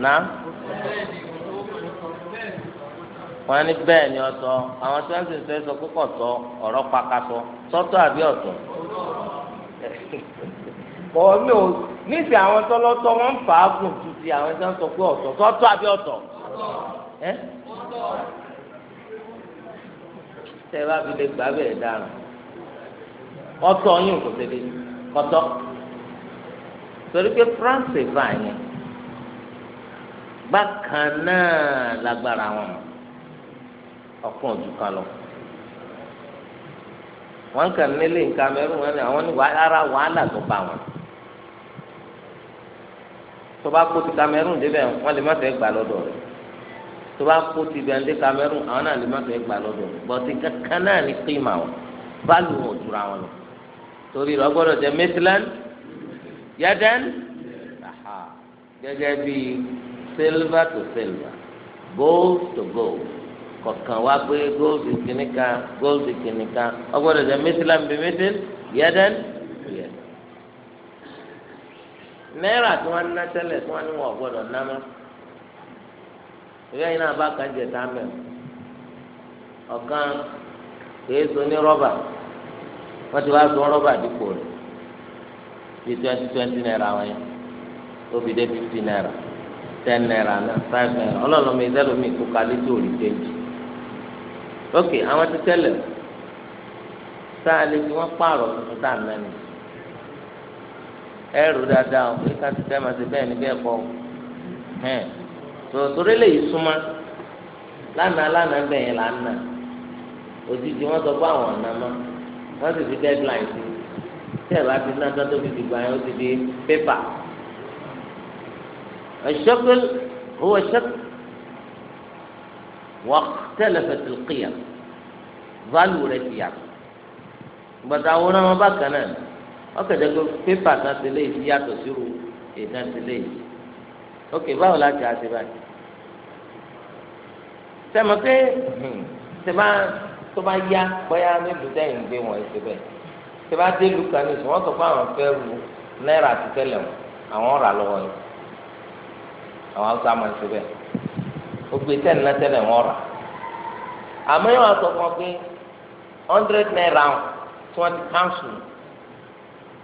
na. wọn ní bẹ́ẹ̀ ni ọ̀tọ̀ àwọn tí wọn sì ń sọ ẹsọ tọ ọ̀rọ̀ pakaṣọ sọtọ àbí ọ̀tọ̀ ọmọ níbi àwọn tọlọtọ wọn ń fà á gùn ju àwọn tí wọn àbí ẹ fi lè France bákan náà lágbára wọn ọkùnrin ojú kan lọ wọn kàn nílé nǹkan mẹ́rin wọn ni àwọn ní ara wàhálà tó bá wọn tó bá kó ti Cameroon débẹ̀ wọ́n lè má fẹ́ gbà lọ́dọ̀ rẹ̀ tó bá kó ti bẹ̀ndé Cameroon àwọn náà lè má fẹ́ gbà lọ́dọ̀ rẹ̀ bọ́tí kankan náà ní kíma wọn báàlù wọn ò jura wọn lọ torí rẹ gbọ́dọ̀ jẹ mẹtìlán yadan gẹ́gẹ́ bíi silver to silver gold to gold kọ̀kan wá pé gold kìnnìkà gold kìnnìkà ọgbọ́dọ̀ jẹ́ mẹ́tìlá ń bẹ mẹ́tìl yẹ́dẹ́n yẹ́dẹ́n náírà tí wọ́n ná tẹ́lẹ̀ tí wọ́n ní wọn gbọ́dọ̀ ná mọ́ ìyá yìí náà bá kan jẹ tá mẹ́ ọ̀kan kìí so ní rọ́bà wọ́n ti wá so rọ́bà dípò rẹ̀ bíi twenty twenty náírà wọn yẹn ó dé fifty náírà. ten naira na five naira ọlọ́run mi ìdá lómi kó kalẹ̀ tó rí ok àwọn ti tẹ́lẹ̀ tá lè fi wọ́n pààrọ̀ tuntun mẹ́rin ẹrù dáadáa ní ká ti tẹ́ máa ṣe bẹ́ẹ̀ ní bẹ́ẹ̀ kọ́ hẹ́n tòtòrí lè yí súnmọ́ lánàá lánàá bẹ́ẹ̀ yẹn lánàá òjijì wọ́n sọ pé àwọn ọ̀nà wọ́n sì fi deadline sí tẹ́ẹ̀ bá ti ná fi dìgbà yẹn ó pépà. الشكل هو شكل واختلفت القيم value rẹ̀ ti yàtọ̀ gbàtà àwọn ọmọ bákan náà ọkẹjẹ pé pépà náà ti lé yìí yàtọ̀ síru èdè ti lé yìí ok báwo la ti àti báyìí sẹmọ pé sẹmọ tó bá yá bóyá nílùú sẹ́yìn gbé wọn ẹsẹ bẹ́ẹ̀ sẹmọ adélu kan ní sọ wọn sọ fún àwọn fẹẹ ru náírà àti tẹ́lẹ̀ wọn àwọn rà lọ́wọ́ yìí àwọn haúsá máa ń ṣe bẹ́ẹ̀ ó gbé tẹ́lẹ̀ náà tẹ́lẹ̀ wọ́n rà àmọ́ yóò wá sọ fún ọ pé hundred naira tí wọ́n ti káńsù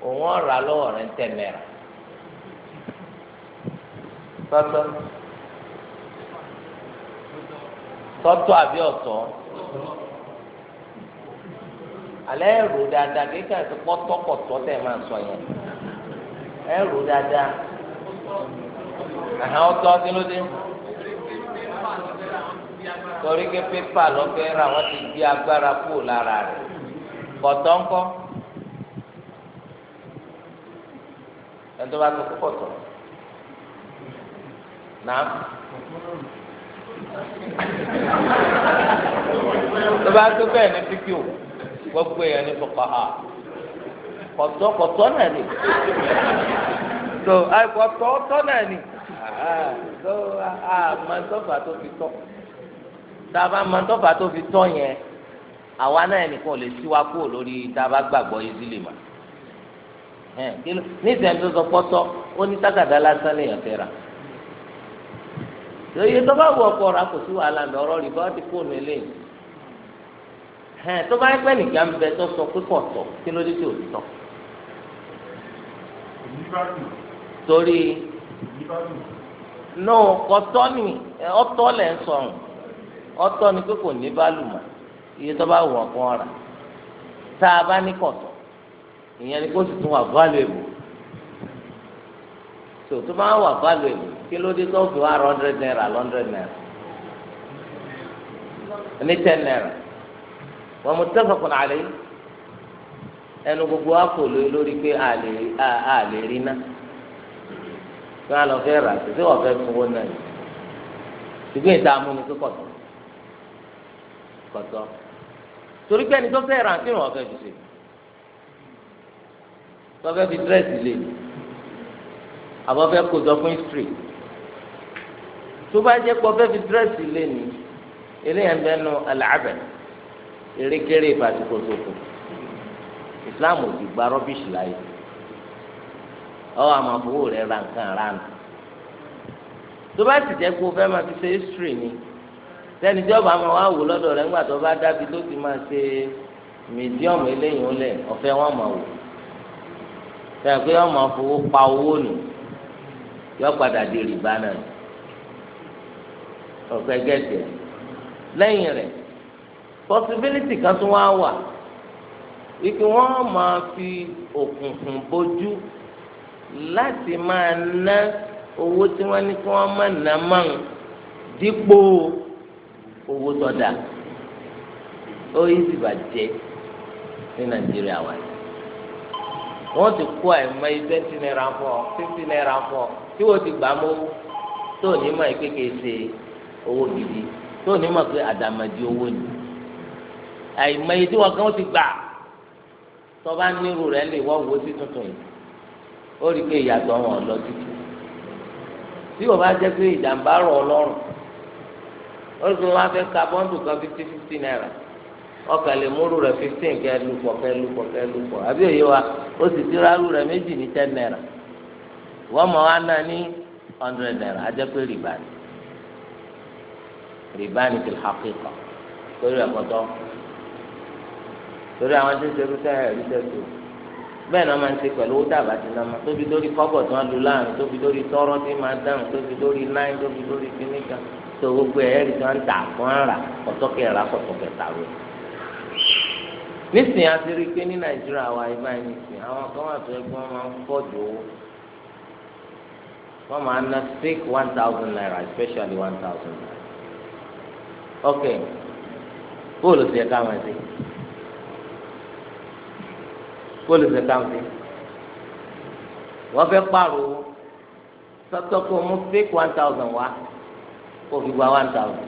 òun ọ̀rà lọ́wọ́ rẹ̀ ń tẹ̀ naira tọ́tọ́ tọ́tọ́ àbí ọ̀tọ̀ alẹ́ ẹ̀rù dáadáa kékeré àti pọ́tọ́kọ̀tọ́ tẹ̀ máa sọ yẹn ẹ̀rù dáadáa àhán ọtọ kí ló dé torí pé pépà lọ́fẹ́ ra wọ́n ti di agbára kúrò lára rẹ̀ kọ̀tọ́ ńkọ́ ẹni tó bá tó kó kọ̀tọ́ náà tó bá tó bẹ́ẹ̀ ní fíkìú gbogbo èèyàn ní fọkà á kọ̀tọ́ kọ̀tọ́ náà ni tó àìkọ̀tọ́ tọ́ náà ni àmọ́tọ́fà tó fi tọ́ tá a bá mọ́tọ́fà tó fi tọ́ yẹn àwa náà nìkan ò lè síwá kúrò lórí tá a bá gbàgbọ́ ìdílé mà nísìnyẹn tó sọ pọ́tọ́ ó ní tágàdá lásán lèèyàn fẹ́ rà lóye tó bá wọ ọkọ rà kò sí wàhálà ní ọ̀rọ̀ rìbá ti fóònù eléyìí tó bá pẹ́ nìkan ń bẹ tó sọ pé kò tọ́ kí ló dé tí ò tọ́ torí no ọtọ ni ọtọ lẹ ń sọrùn ọtọ ni pé kò ní bálùmọ̀ iye tó bá wù ọkàn ọ̀rà tá a bá ní kọ̀tọ̀ ìyẹn ni kó sì tún wà válù èbò tó tó bá wà válù èbò kí ló dé tó fi wá hundred naira hundred naira ní ten naira wọn mo tẹ́ fọkàn àlẹ́ ẹnu gbogbo akọ̀ lórí pé àlè rí náà kí wọn lọ fẹ́ rà sí wọn fẹ́ mú owó náà yìí ṣùgbọ́n ìta amúni tó kọtọ kọtọ torí pé ẹni tó fẹ́ rà kí wọn fẹ́ fi ṣe wọn fẹ́ fi dírẹ́sì lé àbọ̀ fẹ́ kó jọ fún ìsírì tó bá jẹ́ pọ̀ fẹ́ fi dírẹ́sì lé ni eléyàn bẹ́ẹ̀ nu erékeré ìbàdí tó kù Islam ò ti gba rọ́bìṣì láyé ọ àmọ́ àbúrò rẹ ra nǹkan ránù tó bá sì jẹ́ kó o fẹ́ máa fi ṣe history ni sẹ́ni tí ọba máa wá wò lọ́dọ̀ rẹ̀ ńgbà tó bá dábì tó ti máa ṣe medium eléyìí ó lẹ̀ ọ̀fẹ́ wọn máa wò sẹ́ni pé ọmọ fowó pa owó nù yọ padà di rìbá náà ọ̀fẹ́ gẹ̀ẹ́sì lẹ́yìn rẹ̀ possibility kan tún wá wà wípé wọ́n máa fi òkùnkùn bójú láti máa ná owó tí wọ́n ní kí wọ́n máa ná máa dípò owó tọ́da ó yí sì bàjẹ́ ní nàìjíríà wa yìí wọ́n ti kó àìmọ̀ yìí twenty naira fún ọ fifty naira fún ọ tí wọ́n ti gbà mọ́ tó ní mọ̀ pé kìí ṣe owó gidi tó ní mọ̀ pé àdàmàdì owó ni àìmọ̀ yìí tí wọ́n kàn ti gbà tọ́ba nírú rẹ̀ lè wọ́n wo sí tuntun yìí. ó rí i pé ìyàtọ̀ wọn lọ títí tí o bá jẹ́ pé ìjàmbá rọ̀ ọlọ́run ó rí i pé wọ́n á fẹ́ ka bọ́ńdù kan fifty fifty naira ọkà lè múrú rẹ̀ fifteen kẹ́ lupọ̀ kẹ́ lupọ̀ kẹ́ lupọ̀ àbí òye wa ó sì ti rárú rẹ̀ méjì ní ten naira wọ́n mọ̀ wá náà ní hundred naira á jẹ́ pé rìbá ni rìbá ni kìlì hàkìkọ̀ torí ẹ̀kọ́tọ́ torí àwọn tí ń ṣerú sẹ́yìn ẹ̀rí sẹ́yìn tó bẹ́ẹ̀ náà máa ń ṣe pẹ̀lú owó dàbà tí náà máa tóbi lórí kọ́bọ̀ tí wọ́n lu láàrin tóbi lórí tọ́rọ́ tí máa dáhùn tóbi lórí náì tóbi lórí kíníkà tó gbogbo ẹ̀rí tí wọ́n ń tà fún ara ọ̀tọ́kẹ́ ra kọ̀tọ̀kẹ́ tàwé. nísìnyí a rí i pé ní nàìjíríà wa ibà yìí nìsín àwọn kan wà tó ẹ máa ń fọ́jú owó wọ́n máa ná fake one thousand naira especially one thousand naira. ok bóòlù ti ẹ̀ ká wọn bóòlù zẹkàǹfẹ wọn fẹ́ pààrọ̀ owó sọtọ kó mú fake one thousand wá kó fi gba one thousand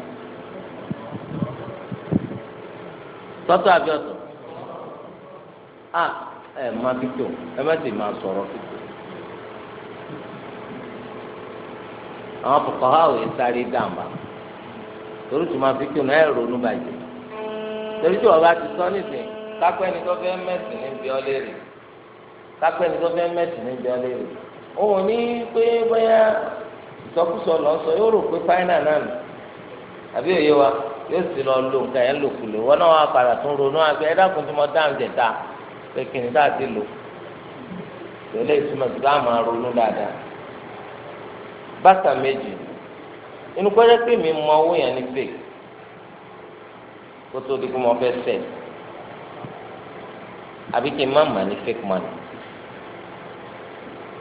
sọtọ àbíọtọ a ẹ má fi tó ẹ má sì máa sọ̀rọ̀ fi tó àwọn kọkọhá ò yẹ sáré dàmbà torí tó máa fi tó náà ẹ ronú bàjẹ́ torí tó o bá ti sọ nísìnyí. kápẹ́ ẹni tó fẹ́ mẹ́sì ni bí ọ léèrè kápẹ́ ẹni tó fẹ́ mẹ́sì ní bí ọ léèrè òun ní pé bóyá yóò rò pé náà nù àbí òye wa yóò sì lọ lo nǹkan yẹn lòkulò wọn náà wà padà tún ronú àgbẹ tí mo dáhùn jẹta pé kìnnì tá a ti lò ìtumọ̀ sí bá máa ronú dáadáa bàtà méjì inú pẹ́rẹ́ pé mi mọ owó yẹn ní fẹ́ àbí kí n má mà ní fake money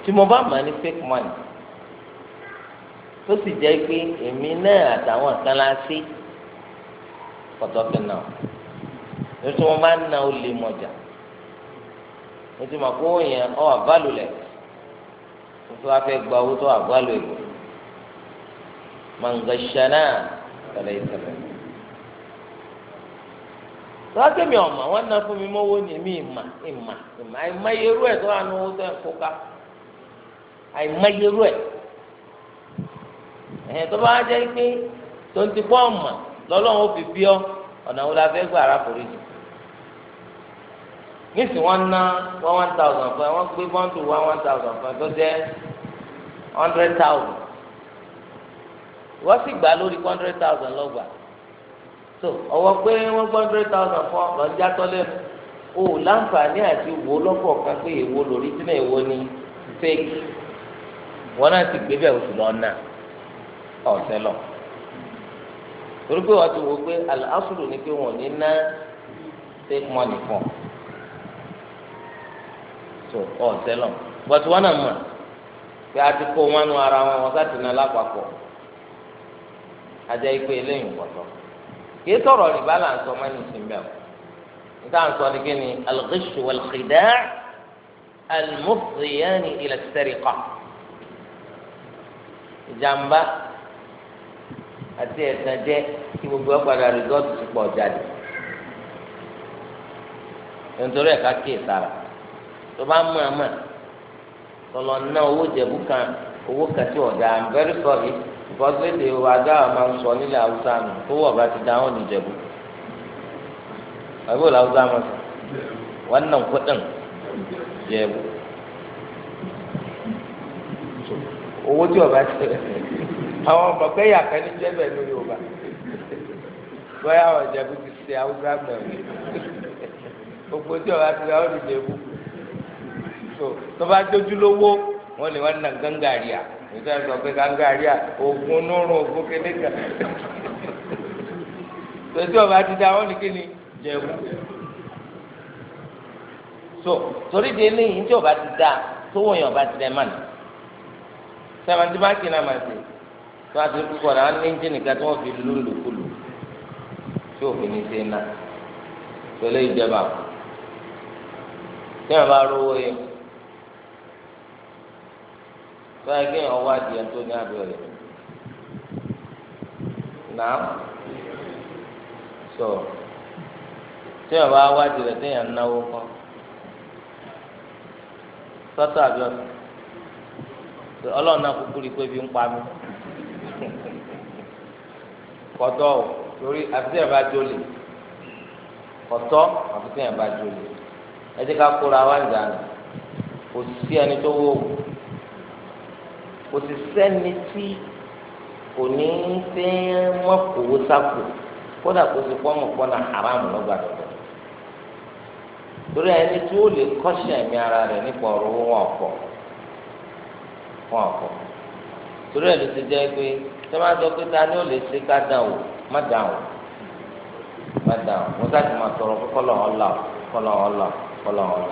tí mo bá mà ní fake money tó sì jẹ́ pé èmi náà àtàwọn kan la sí pọ̀tọ́fẹ́ náà nítorí wọn bá na olè mọ̀jà nítorí wọn kó yẹn ọ àbálò lẹ̀ nítorí wọn fẹ́ gba owó tó àbálò èlò màǹgàṣánà tẹ̀lé tẹ̀lé. tọ́jú mi ọ̀mà wọn ná fún mi mọ́wọ́ ni èmi ìmà ìmà ìmà àìmọyerú ẹ̀ tó wà owó tó ń ẹ̀ tó bá jẹ́ pé tó ń ti pọ́ ọ̀mà lọ́lọ́run ó fi one thousand fún ẹ wọ́n gbé one one thousand fún ẹ tó jẹ́ hundred thousand wọ́n sì gbà lórí hundred thousand lọ́gbàá. so ọwọ́ pé wọ́n gbọ́ hundred thousand fún ọ o láǹfààní àti wo kan èwo lórí tí èwo ni fake wọn náà ti gbé oṣù lọ torí ti wo pé ni wọ́n ní ná fake money fún so lọ but náà pé a ti kó wọn nu ara wọn wọn sá ti ajá ikú eléyìí kìí sọ̀rọ̀ rìbá là ń sọ ọmọ ẹni sìn bẹ́ẹ̀ o níta ń sọ ni kí ni al-ghishu wal-khida' al-mufdiyani ila as-sariqa ìjàmbá àti ẹ̀sán jẹ́ kí gbogbo ẹ̀ padà rìsọ́ọ̀tù ti pọ̀ jáde nítorí ẹ̀ka kíyè sára tó bá mọ̀ ẹ̀ mọ̀ tọ̀lọ̀ ná owó jẹ̀bú kan owó kẹtì ọ̀dà I'm very sorry ìfọ́sílẹ̀dẹ̀ wa dáhà máa ń sọ nílẹ̀ haúsá nù tó wọ̀ bá ti dáhùn níjẹ̀bù àbúrò haúsá máa sọ wannan kuɗin jẹ̀bù owó tí ọba ti àwọn ọmọ pé yàtọ̀ ní jẹ́bẹ̀ lórí ọba bóyá àwọn jẹ̀bù ti ṣe haúsá mẹ́rin gbogbo tí ọba ti dáhùn níjẹ̀bù tó bá dójú lówó wọn lè wọn nà gángàrí à nígbà tó pé kángárì à ògùn onórun ògùn kékeré tòtí ọba ti da wọn ní kíni jẹ̀wú so torí de eléyìí tí ọba ti da tó wọ̀nyí ọba ti dẹ́ mánà sẹ́wọ̀ntì bá kí náà máa ṣe tó a ti kú kọ́ náà ní ẹ́ńjìnì kan tí wọ́n fi lúlùkulù tí òfin ní ṣe náà tọ́lé ìjẹba tí wọ́n bá rówó yẹn. sọ́yà kéèyàn wá di ẹni ní abẹ́rẹ́ náà sọ téèyàn bá wá di rẹ̀ téèyàn náwó kan sọ́tọ̀ àbí ọlọ́run náà kúkú rí i pé bí ń pa mí kọ́tọ́ o torí àti téèyàn bá jólè kọ́tọ́ àti téèyàn bá jólè ẹ jẹ́ ká kóra wá ìdáná kò sí ẹni tó wó o. kò sì sẹ́ni tí kò ní fẹ́ mọ́kòwó sápò kódà kò sì pọ́ mọ̀pọ́ na haram lọ́gbà tọ̀tọ̀ torí ẹni tí ó lè kọ́ṣẹ́ ẹ̀mí ara rẹ̀ nípa ọ̀rọ̀ wọn ọ̀pọ̀ wọn ọ̀pọ̀ torí ẹni ti jẹ́ pé tí wọ́n á sọ pé ta ni ó lè ṣe ká o má o má o sáà ti máa tọrọ pé kọ́lọ̀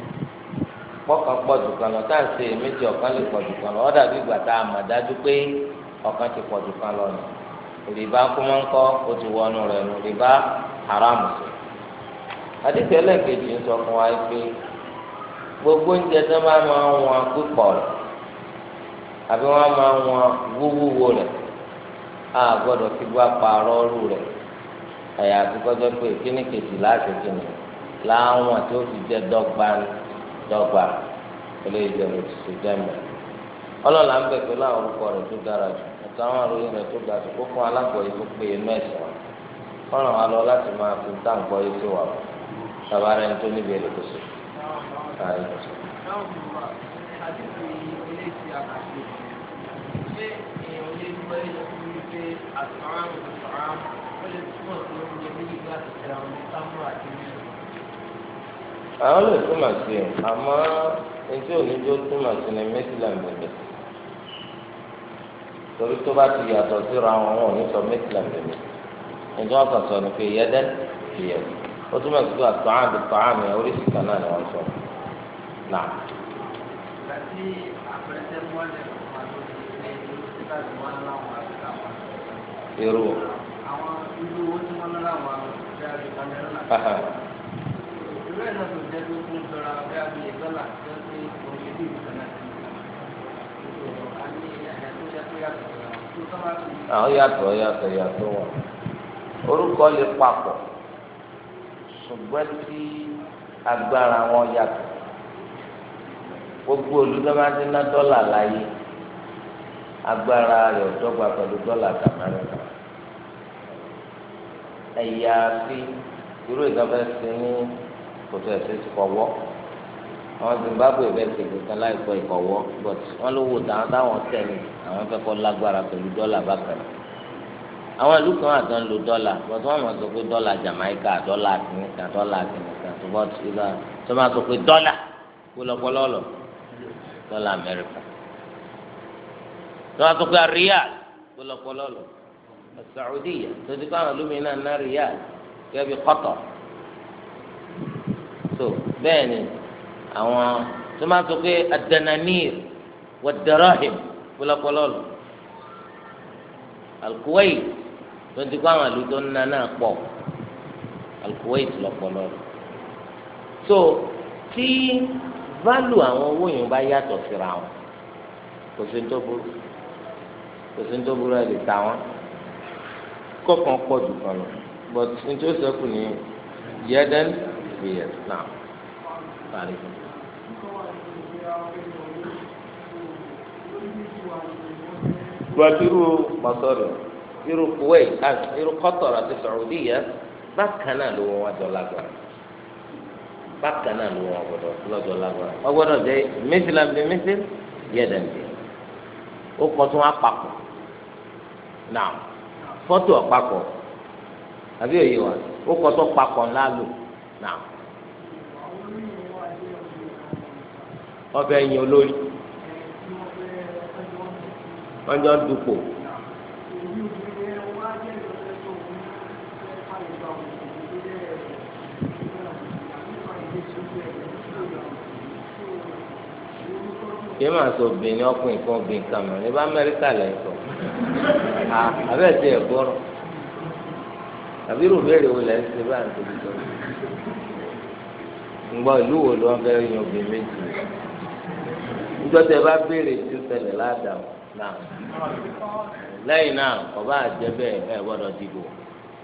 pọ́kàn pọ̀ jù kan lọ táà se méjì ọ̀kan lè pọ̀ jù kan lọ ọ̀dà bí ìgbà tá a mọ̀ dájú pé ọ̀kan ti pọ̀ jù kan lọ nù rìbá kúmọ̀ ń kọ́ o ti wọnú rẹ̀ nù rìbá haramu sí. àdìsí ẹlẹ́ẹ̀kejì ń sọ fún wa pé gbogbo oúnjẹ tó bá máa ń wọn pípọ̀ rẹ̀ àbí wọ́n máa ń wọn wúwúwo rẹ̀ a gbọ́dọ̀ fi gbá pààrọ̀ ọ̀rù rẹ̀ àyàfi kọjọ́ pé kíní láti kíní láwọn tó fi jẹ́ dọ́gba dọ́gba eléyìí jẹ́ lóṣù tó jẹ́ ń bẹ pẹ̀lú àwọn orúkọ rẹ̀ tó dára jù àtàwọn àròyìn rẹ̀ tó ga jù kó fún alágbọ̀ọ́yé tó péye mẹ́sàn-án wọ́n ràn bụ lọ láti máa fi tó àwọn lè túmọ̀ sí o àmọ́ etí onídjó túmọ̀ sí ni méjìlá mẹ́lẹ̀ torí tó bá ti yàtọ̀ síra wọn wọn ò ní sọ méjìlá mẹ́lẹ̀ ẹjọ́ kan sọ ni pé yẹ́dẹ́ ìyẹ́ o túmọ̀ sí pé àtọ́hán ti pa àmì oríṣi kan náà ni wọ́n sọ náà. láti àpẹẹrẹ mọ́lẹ̀ wọn ló ti ṣe ìlú tí láti wọn láwọn àti láwọn. irú. àwọn irú owó tí wọ́n lọ́la wọn ti ìlú ẹ̀ náà tó jẹ́ pé fún ìjọra ọ̀gá mi ìdọ́là jẹ́ pé òun lè ní ìwòsàn náà sí ìṣòro àní àyà tó jẹ́ pé yàtọ̀ tó sábà tó. àwọn yàtọ̀ yàtọ̀ yàtọ̀ wà orúkọ lè papọ̀ ṣùgbọ́n tí agbára wọn yàtọ̀ gbogbo olùdókòwò ná dọ́là láyé agbára rẹ̀ ọ̀dọ́gba pẹ̀lú dọ́là tàmẹ́rẹ́ta ẹ̀yà fi irú ìdọ́fẹ́ sí ní kò tó ẹsẹ ti kọ wọ àwọn Zimbabwe bẹ́ẹ̀ ṣe kankan láìpẹ́ ìkọwọ but wọn ló wò táwọn táwọn tẹlẹ àwọn fẹ́ kọ lágbára pẹ̀lú dọ́là bákan àwọn ìlú kan àti ń lo dọ́là but wọn máa sọ pé dọ́là Jamaica dọ́là kìnìkan dọ́là kìnìkan tó bá ti bá tó máa sọ pé dọ́là kólọpọlọlọ dọ́là Amẹ́ríkà tó máa sọ pé ríàl kólọpọlọlọ Saudiya tó ti kọ́ àwọn olómìnira náà ríàl gẹ́gẹ́ bí Qatar so bẹ́ẹ̀ ni àwọn tó máa sọ pé adananir wadarahim kpọlọpọlọ lọ alukuwait tó ń ti kó àwọn àlùtò ńlá náà pọ̀ alukuwait lọpọlọ lọ so tí válù àwọn owó yìí bá yàtọ̀ síra wọn kò sí ní tó burú kò sí tó burú ẹ lè ta wọn kọ̀ọ̀kan pọ̀ jù kan lọ but ní tó sẹ́kù ní yẹ́dẹ́n. التكبير نعم عليكم gbàdúrú mọ́sọ́rọ̀ irú Kuwait ah, irú Qatar àti Saudiya bákan náà ló wọn wá jọ lágbára bákan náà ló wọn gbọ́dọ̀ lọ́jọ́ lágbára wọn gbọ́dọ̀ jẹ mísìlá bíi mísìl yẹdẹmísìl ó kọ tún apapọ̀ náà fọ́tò ọ̀pápọ̀ àbí òye wa ó wọ́n fẹ́ yan olórí wọ́n jọ ń dupò. kí ẹ máa sọ obìnrin ọkùnrin kan obìnrin kan mọ̀ nípa amẹ́ríkà lẹ́yìn sọ abẹ́ ti ẹ̀ gbọ́rọ̀ àbí rògbèrè wo lẹ́yìn ti bá ń tóbi sọ ń gbọ́ ìlú wo ló ń fẹ́ yan obìnrin méjì ìjọba ẹ bá béèrè tí ó ṣẹlẹ̀ ládàá náà lẹ́yìn náà ọba àjẹ bẹ́ẹ̀ ẹ gbọ́dọ̀ dìbò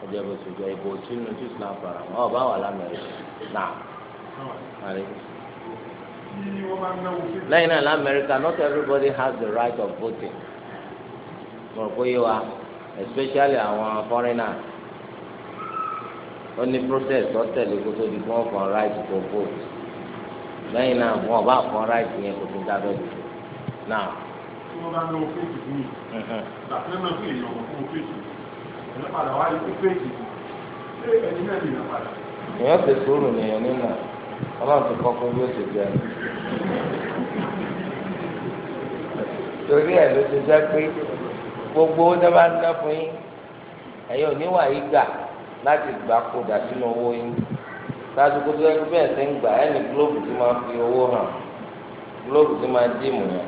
ọjọ́ bó ṣojú ìbò tìǹbù tí islam fara mọ́ ọba wà lámẹ́ríkà náà lẹ́yìn náà lámẹ́ríkà not everybody has the right of voting mo rò pé yé wa especially àwọn foreigners ó ní protest ọ̀tẹ̀lẹ̀ kótó di fún ọkàn right to vote. lẹ́yìn náà wọn bá fọ ráìtì yẹn kò tó dábẹ́ náà. tí wọ́n bá fún mi mhm. náà fi èèyàn fún padà ṣé ẹni náà lè padà. èèyàn ti nìyẹn nínà ọlọ́run ti kọ́ fún bí ó ti torí ẹ̀ ló ti gbogbo ó fún yín sáájú kó tó yẹ kó bẹ́ẹ̀ ṣe ń gbà ẹ́ ní gílóòbù tí máa fi owó hàn gílóòbù tí máa dìmù yẹn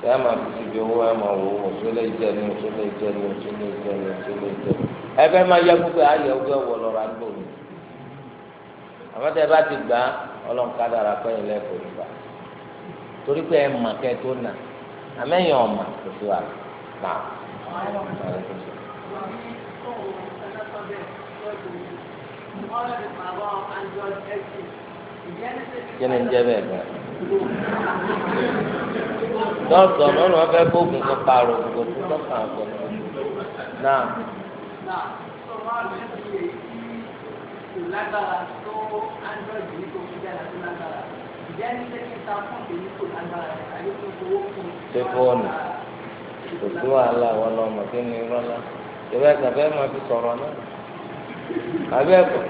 ṣé a máa fi síbi owó ẹ máa wò ó tó lè jẹ ní tó lè jẹ ní tó lè jẹ ní tó lè jẹ ní. máa yẹ ọgbẹ́ wọ lọ́ra gbò bá ti gbà kíni ń jẹ́ bẹ́ẹ̀ gan. dọ́ọ̀tọ̀ lọ́nà ọ̀fẹ́ fóògùn kan pààrọ̀ ògùn tó tọ́ka àgbẹ̀ náà. lágbára tó android yìí kò sí wàhálà wọn lọ mọ̀ kí ni rọ́lá ìwé ẹ̀ka fẹ́ fi sọ̀rọ̀ náà abẹ́ kọ́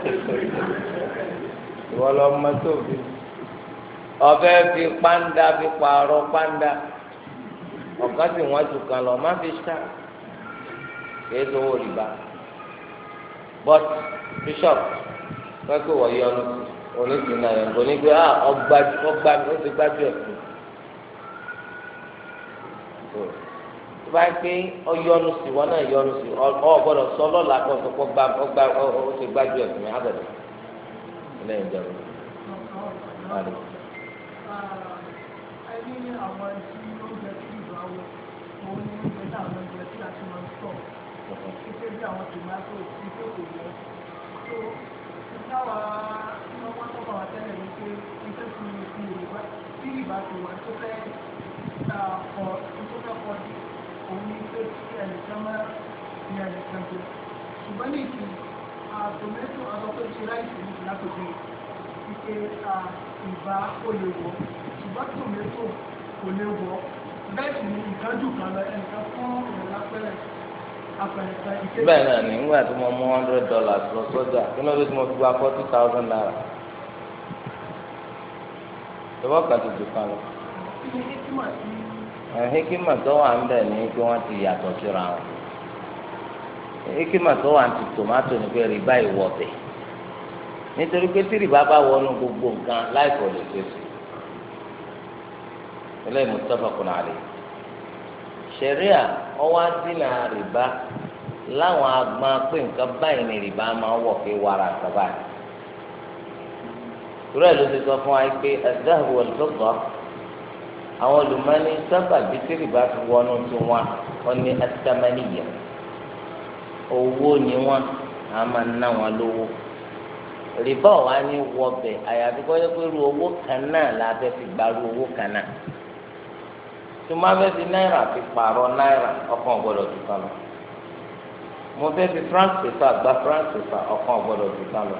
ìwọ lọ mọ tó fi ọbẹ̀ fi pàǹdà fi pààrọ̀ pàǹdà ọ̀kan sì wọ́n ju kan lọ má fi ṣá kì í sówó rìbá but bishop pẹ́kẹ́ wọ̀ yọ onísìnà yẹn kò ní pé ah, ọgbà ó ti gbájú ẹ̀ fún un tó bá pé ọyọnu sí wọn náà yọnu sí ọ gbọ́dọ̀ sọ lọla kó sọ kó gba ọgbà ó ti gbájú ẹ fún mi abẹlẹ lẹ́yìn ìjọba. ẹni àwọn ẹtí oúnjẹ tí ìlú awọ òun ní oúnjẹ tí àwọn oúnjẹ tí a ti máa ń sọ títí bí àwọn tòmátò tí kò kò yẹ tó táwa tí wọn wọn tọpa wa tẹ́lẹ̀ ní pé iṣẹ́ tí mi fi ìrìbá tí ìrìbá ti wà tó fẹ́ kọ tó fẹ́ kọ sí òun bẹ́ẹ̀ ni ìkájú kan lọ ẹnìkan fún ìrọ̀lápẹ́rẹ́ bẹ́ẹ̀ náà ní nígbà tí mo mú hundred dollars lọ sọ́jà kí ló dé tí mo fi gba forty thousand naira ìwọ́n kan lọ. hekima tó wà ń bẹ̀ ni pé wọ́n ti yàtọ̀ síra wọn hekima tó wà ń ti tòmátò ni pé rìbá ìwọ nítorí pé tí bá wọnú gbogbo nǹkan láìpọ̀ lè ṣe sùn eléyìí muttafaqun láwọn agbọn pé nǹkan báyìí ni máa wàrà kaba ló ti sọ fún wa pé àwọn olùmọ̀ọ́ni sábà bí tìrìbá fi wọnú tí wọn wọn ní atamaniya owó ni wọn a máa ná wọn lówó rìbá wa ní wọbẹ̀ àyàfi kọ́jọ́ pé ru owó kan náà la fẹ́ fi gba ru owó kan náà tí mo fẹ́ fi náírà ọkàn tó kàn lọ mo fẹ́ fi ọkàn tó kàn lọ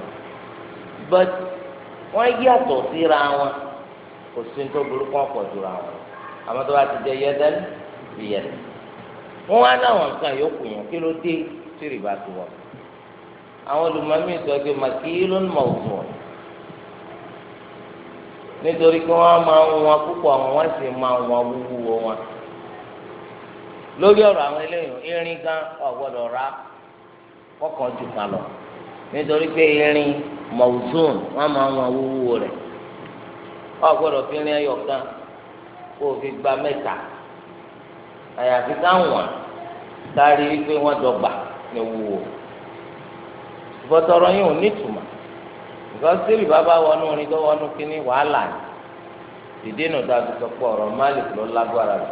but wọ́n síra kò sí ní tó burúkú ọ̀pọ̀ jùlọ àwọn àmọ́ tó bá ti jẹ yẹ́dẹ́ bí yẹ́dẹ́ wọ́n wá láwọn nǹkan yòókù yẹn kí ló dé tí rìbá ti wọ̀ àwọn olùmọ̀mí sọ pé màkì ló ń mọ̀ òfin wọn nítorí pé wọ́n máa ń wọn púpọ̀ sì máa ń wọn wúwo wọn lórí ọ̀rọ̀ àwọn eléyìí irin gan ọ̀gbọ́dọ̀ ọ gbọ́dọ̀ fi rin ẹyọ kan kó o fi gba mẹ́ta àyàfi táwọn sáré wípé wọ́n dọ́gba ní wúwo ìbọtọrọ yìí ò ní ìtumọ̀ nǹkan sílì bàbá wọnú orin tó wọnú kínní wàhálà ni ìdènà dàbí sọpọ ọ̀rọ̀ Malik ló lágbára rẹ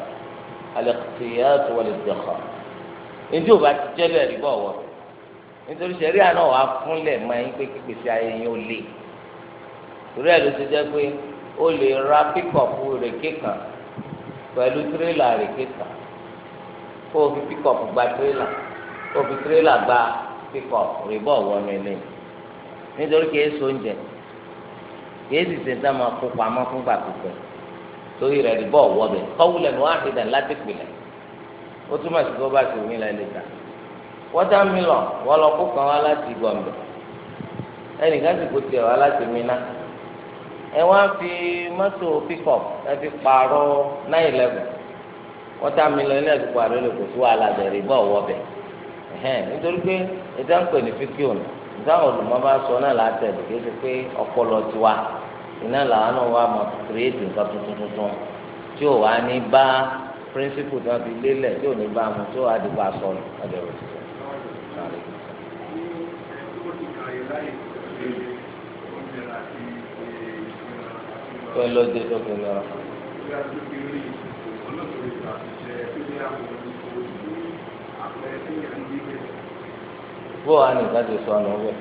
al-iqtiyat wal-iddikhar ndí o bá ti jẹlẹ rí bọ wọ nítorí sẹríà náà wàá fúnlẹ̀ máa ń pé kíkpèsè ayẹyẹ ó lé torí ẹ̀ ló ti jẹ́ pé. o lè ra píkọ̀pù kan pẹ̀lú tírélà kan kó o fi píkọ̀pù gba tírélà kó o fi tírélà gba píkọ̀pù rìbọ̀ wọnú ilé nítorí kìí so oúnjẹ kìí sì sèǹtà máa kó pamọ́ fúngbà pípẹ́ torí rẹ̀ rìbọ̀ wọbẹ̀ kọ́wúlẹ̀ ní wàá dídà láti pìlẹ̀ O túmọ̀ sí kó bá ti wí la lè ta wọ́tàmílọ̀ wọ́n kan wá láti sì ẹ wá fi mọ́tò pickup ẹ fi pààrọ̀ nine eleven wọ́n tá mi lọ ilé ẹ̀dùnkù àrẹ lè kò sí wàhálà bẹ̀rẹ̀ bọ́ bẹ̀ nítorí pé ìjà ń pè ní sọ náà látẹ̀ pé ọpọlọ tiwa iná làwọn náà wà mọ̀ kírèétì nǹkan tuntun tuntun tí ò wá ní bá píríncípù tí wọ́n fi lélẹ̀ pé ló dé tó fi lọ. bó wàá nìkan ti sọ ọ̀nà ọ̀gbẹ́.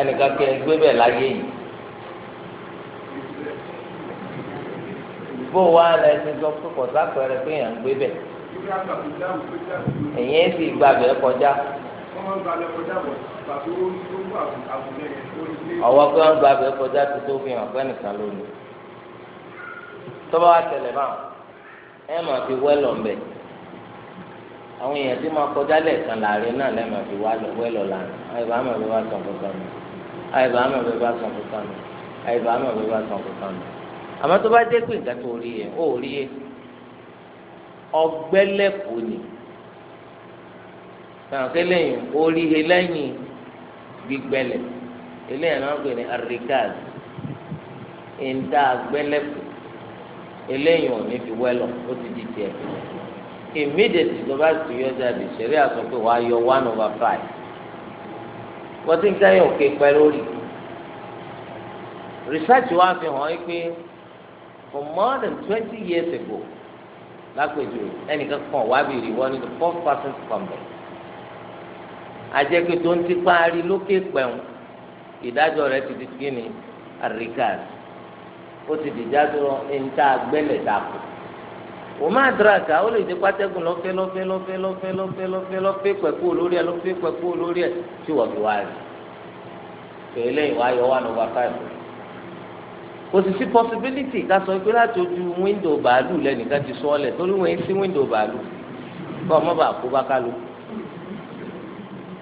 ẹnìkan kí ẹ gbé bẹ́ẹ̀ láyé yìí. bó wàá lẹni sọ pé kọ̀ọ̀sá pẹ̀rẹ̀ pé yàn gbé bẹ́ẹ̀. ẹ̀yìn ẹ̀ sì kọjá ọwọ́ pé wọ́n gba abẹ́ kọjá tó tó fi hàn pé nìkan lónìí tọ́ba wa tẹ̀lé báwọn ẹ máa fi wẹ́lọ̀ ń bẹ̀ àwọn èèyàn tí máa kọjá lẹ́ẹ̀kan láàrin náà lẹ́ẹ̀ máa fi wẹ́lọ̀ láàrin àyèbá àmọ̀ bí wàá sàn kọ̀ọ̀kan mi àyèbá àmọ̀ bí wàá sàn kọ̀ọ̀kan mi àyèbá àmọ̀ bí wàá sàn kọ̀ọ̀kan mi àmọ́ tó bá dé tó rí yẹ ó rí yẹ ọgbẹ́lẹ̀kùn ni sàn ké lẹ́yìn orí he lẹ́yìn gbígbẹ́lẹ̀ eléyàn náà gbé ní arikaz ìta gbẹ́lẹ́kù eléyìn ò ní fi wẹ́lọ̀ ó ti di tiẹ̀ immediately tó bá ti yọ jáde ṣẹ̀rí àsọ pé wàá yọ one over five wọ́n ti ń kẹ́yìn òkè pẹ́ lórí research wa fi hàn yí pé for more than twenty years ago lápèjúwe ẹnìkan kan wá bìrì wọ́n ní the first persons to come ajẹ́pẹ́ tó ń tipa ari lókè pẹ̀wọ̀n ìdájọ́ rẹ̀ ti di kíni àríkàs ó ti di jáde níta gbẹ́lẹ̀ dàpọ̀ wọ́n máa dìraka ó lè di pátẹ́gùn lọ́fẹ́ lọ́fẹ́ lọ́fẹ́ lọ́fẹ́ lọ́fẹ́ lọ́fẹ́ lọ́fẹ́ pẹ̀kú olórí ẹ̀ lọ́fẹ́ pẹ̀kú olórí ẹ̀ tí wọ́n fi wá rí pẹ̀lú lẹ́yìn wáyọ̀ wà nọ́mbà fáìfù kò sì sí possibility ká sọ pé láti ojú wíńdò bàálù lẹ́nìkan ti sọ ọ́ lẹ̀ torí wọ́n ń sí wíńdò bàálù kọ́ ọ mọ́ bàá kó bá kálukú.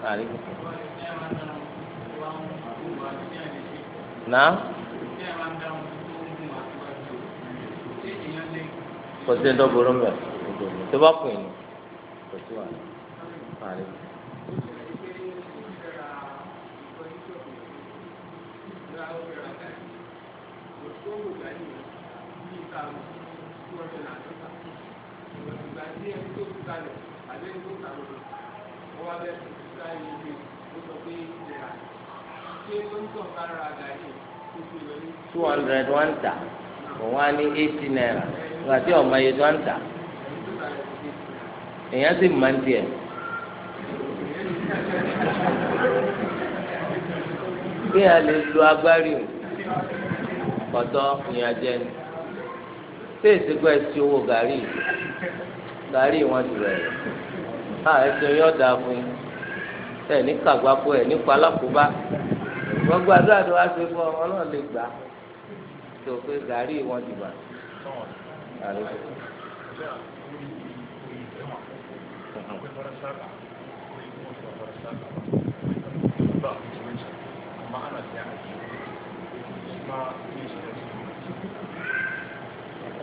náà kò sí ẹjọ́ burú mẹ́ tó bá pè ní kò sí wà ní. Thank you sáré ìwé ó sọ pé ìlera ṣé ó ń tàn kára àgbà yìí tó fi wọlé. two hundred one ta òun á ní eighty naira ìgbà tí ọmọ yẹn tó ń ta èèyàn sì máa ń tiẹ̀. bí a lè lo agbárí o kọtọ ìyànjẹ ni ṣé ìsìnkú ẹ ti owó gàrí gàrí wọn ti rẹ a ah, ẹsẹ yọ̀ọ̀dà fún yín ẹ ní kàgbákò ẹ nípa alákòóbá gbogbo àdáàdó wa ṣe fún ọmọ náà lè gbà tó pé gàárì wọn dìbà.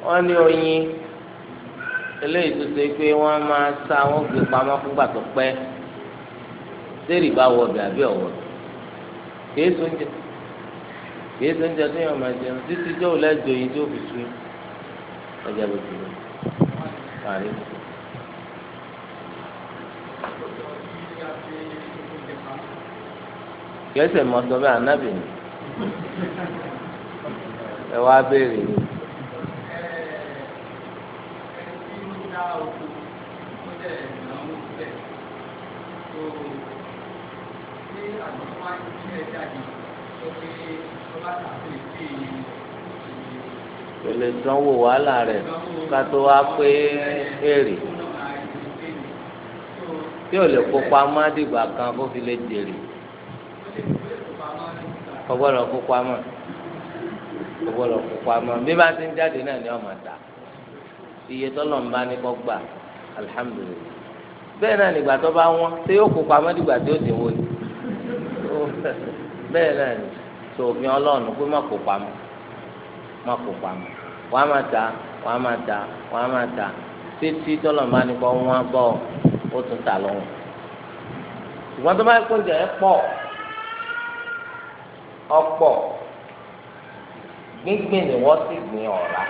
wọ́n ní oyin eléyìí tó ṣe pé wọ́n máa sá wọ́n gbé pamọ́ fúngbà tó pẹ́ sẹ́rì bá wọ ọbẹ̀ àbí ọ̀wọ́ kìí tó ń jẹ kìí tó ń jẹ tó yàn máa jẹun títí tó o lẹ́jọ yìí tó fi sùn ọjà bó ti lọ parí. kẹsẹ̀ mọ́tò bẹ́ẹ̀ anábì ni ẹ wá béèrè ni. Thank you pẹ̀lẹ́ dánwò wàhálà rẹ̀ ká tó wá pé èrè tí ò lè kópa má dìgbà kan kó fi lè jèrè ọgbọ́dọ̀ kópa mọ́ ọgbọ́dọ̀ kópa mọ́ bí bá ti ń jáde náà ni ọmọ ta iye tọ́lọ̀ ń bá ní kọ́ gbà alihamudulilayi bẹ́ẹ̀ náà nígbà tó bá wọ́n tí yóò kópa má dìgbà tí ó dìwọ́ yìí. bẹ́ẹ̀ náà ni so ọlọ́run pé má kó pamọ́ má kó pamọ́ wàá má ta wàá má ta wàá má ta títí tọ́lọ̀mọ́ ni kò wọ́n bọ̀ ó tún lọ́wọ́ ṣùgbọ́n tó bá yẹ kó pọ̀ ọ̀pọ̀ gbíngbìn ni wọ́n sì gbìn ọ̀rá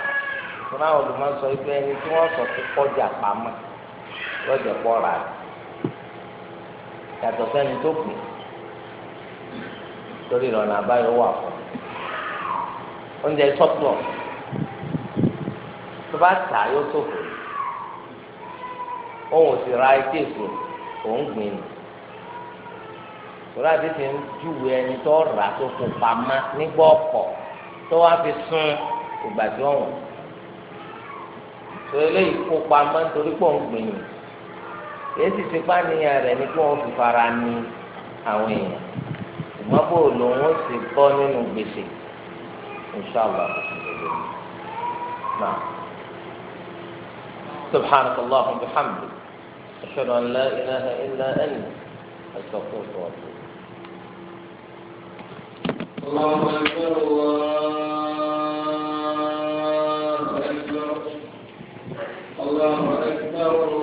fún àwọn olùmọ̀sọ ibi ẹni tí wọ́n sọ pé kọjá pamọ́ lọ́jọ́ pọ̀ torí ìrọ̀nà àbáyọ wà fún oúnjẹ tọ́pọ̀ tó bá tà yóò òun ò sì ra etí èso òun gbìn ní tòlá ti ti ń júwe ẹni tó rà tó kó pamọ́ nígbà ọ̀pọ̀ tó wá fi sún ìgbà tí tó eléyìí kó pamọ́ nítorí pọ̀ ń gbìn ní èyí sì ti bá níyà rẹ̀ fi fara ní àwọn èèyàn. wọn bò lòun ó sì bọ́ nínú gbèsè inṣàlá náà سبحانك اللهم وبحمدك أشهد أن لا إله إلا أنت أستغفرك وأتوب اللهم أكبر الله أكبر الله أكبر